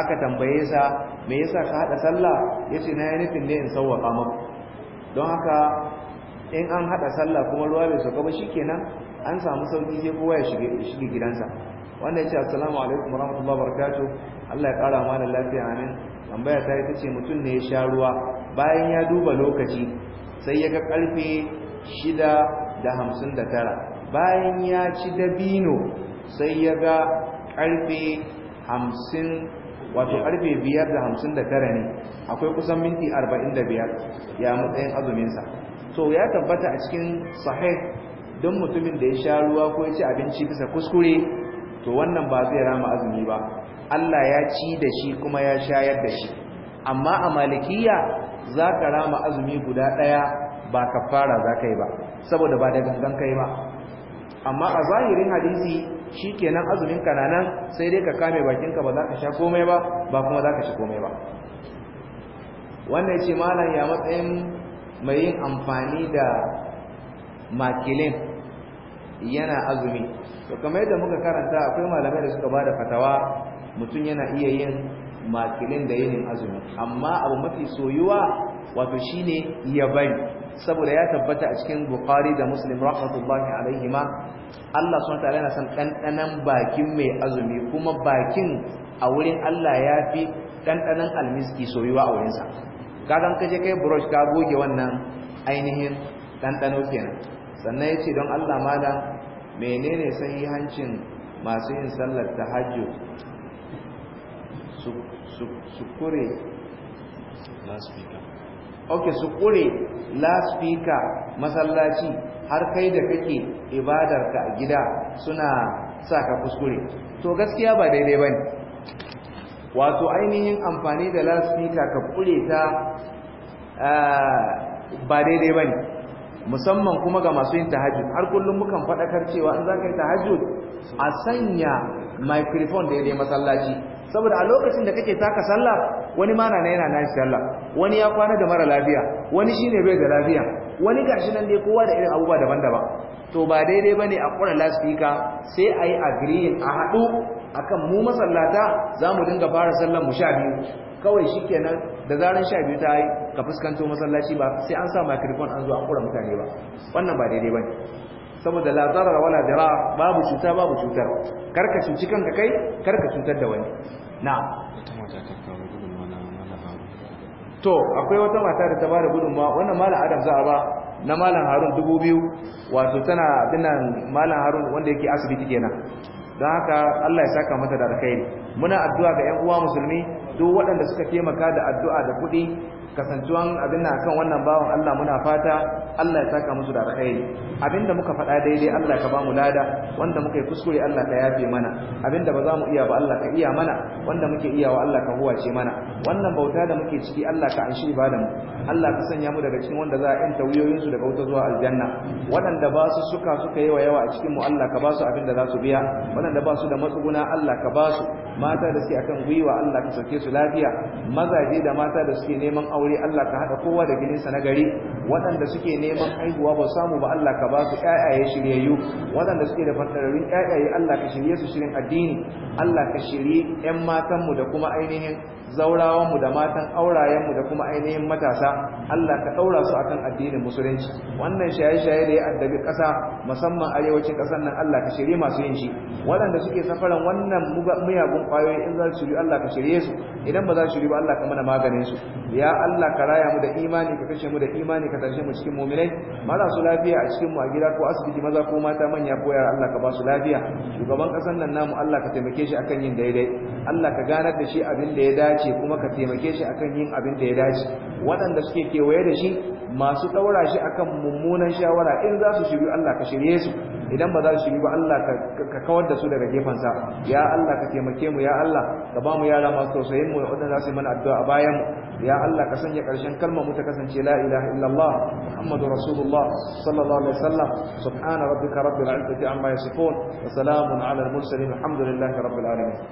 aka tambaye sa me yasa ka hada sallah yace na yi nufin ne in sawwaka muku don haka in an hada sallah kuma ruwa bai sauka ba shikenan an samu sauki sai kowa ya shige gidansa wanda ya ce assalamu alaikum warahmatullahi wabarakatuh Allah ya kara mana lafiya amin tambaya ta ita ce mutum ne ya sha ruwa bayan ya duba lokaci sai ya ga karfe shida bayan ya ci dabino sai ya ga karfe hamsin wato karfe biyar ne akwai kusan minti arba'in biyar ya matsayin azuminsa so ya tabbata a cikin sahih don mutumin da ya sha ruwa ko ya ci abinci bisa kuskure to wannan ba zai rama azumi ba Allah ya ci da shi kuma ya shayar da shi amma a malikiya za ka rama azumi guda ɗaya ba ka fara za ka yi ba saboda ba da gangan kai ba amma a zahirin hadisi shi kenan azumin ka nan sai dai ka kame bakinka ba za ka sha komai ba ba kuma za ka ci komai ba wannan ce malam ya matsayin mai yin amfani da makilin yana azumi to kamar yadda muka karanta akwai malamai da suka bada fatawa mutum yana iya yin makilin da yin azumi amma abu mafi soyuwa wato shine ya bari saboda ya tabbata a cikin bukhari da muslim rahmatullahi ma, Allah subhanahu ta'ala yana son ɗanɗanon bakin mai azumi kuma bakin a wurin Allah ya fi ɗanɗanon almiski soyuwa a wurinsa kaga ka je kai brush ka goge wannan ainihin ɗanɗano kenan sannan yace don Allah malam menene sahihancin masu yin sallar tahajjud su kure ok su kure speaker masallaci har kai da kake ibadarka a gida suna sa ka kuskure to gaskiya ba daidai bane wato ainihin amfani da speaker ka kure ta eh, ba daidai bane musamman kuma ga masu yin tahajjud har kullum mukan faɗakar cewa in za ka yi tahajjud a sanya microphone da ya masallaci saboda a lokacin da kake taka sallah wani ma na yana nan sallah wani ya kwana da mara lafiya wani shine bai da lafiya wani gashi nan dai kowa da irin abubuwa daban-daban to ba daidai bane a kura lasfika sai a yi a haɗu akan mu masallata za mu dinga fara sallar mu sha biyu kawai shikenan da zaran sha biyu ta yi ka fuskanto masallaci ba sai an sa makirikon an zo an kura mutane ba wannan ba daidai ba ne. saboda la zarara wala dara babu cuta babu cutar karka cuci kanka kai karka cutar da wani na'am to akwai wata mata da ta bada gudunmawa wannan malam adam za a ba na malam harun dubu biyu wato tana binan malam harun wanda yake asibiti kenan don haka Allah ya saka mata da alkhairi muna addu'a ga 'yan uwa musulmi duk waɗanda suka taimaka da addu'a da kuɗi Kasancewan abin na kan wannan bawan Allah muna fata Allah ya saka musu da alkhairi abinda muka faɗa daidai Allah ka mu lada wanda muka yi kuskure Allah ka yafe mana abinda ba za mu iya ba Allah ka iya mana wanda muke iya wa Allah ka huwace mana wannan bauta da muke ciki Allah ka anshi ibada mu Allah ka sanya mu daga cikin wanda za a yanta wuyoyin su daga wuta zuwa aljanna waɗanda ba su suka suka yi wa yawa a cikin mu Allah ka ba su abinda za su biya waɗanda ba su da matsuguna Allah ka ba su mata da suke akan gwiwa Allah ka sauke su lafiya mazaje da mata da suke neman aure aure Allah ka haɗa kowa da gininsa na gari waɗanda suke neman haihuwa ba samu ba Allah ka ba su ƴaƴaye shiryayyu waɗanda suke da fantararrun ƴaƴaye Allah ka shirye su shirin addini Allah ka shirye ƴan matanmu da kuma ainihin zaurawanmu da matan aurayenmu da kuma ainihin matasa Allah ka ɗaura su akan addinin musulunci wannan shaye-shaye da ya addabi ƙasa musamman arewacin ƙasar nan Allah ka shirye masu yin shi waɗanda suke safaran wannan miyagun ƙwayoyi in za su shirye Allah ka shirye su idan ba za su shirye ba Allah ka mana maganin su ya Allah ka raya mu da imani ka kashe mu da imani ka tashe mu cikin mu'minai marasu lafiya a cikin mu a gida ko asibiti maza ko mata manya ko yara Allah ka ba su lafiya shugaban kasan nan namu Allah ka taimake shi akan yin daidai Allah ka ganar da shi abin da ya dace kuma ka taimake shi akan yin abin da ya dace waɗanda suke kewaye da shi masu ɗaura shi akan mummunan shawara in za su shiryu Allah ka shirye su idan ba za su shiru ba Allah ka kawar da su daga gefensa ya Allah ka taimake mu ya Allah ka ba mu yara masu tausayin mu waɗanda za su yi mana addu'a a bayan mu ya Allah ka sanya ƙarshen kalmar mu ta kasance la ilaha illallah muhammadu rasulullah sallallahu alaihi wasallam subhana rabbika rabbil izzati amma yasifun wa salamun ala al mursalin alhamdulillahi rabbil alamin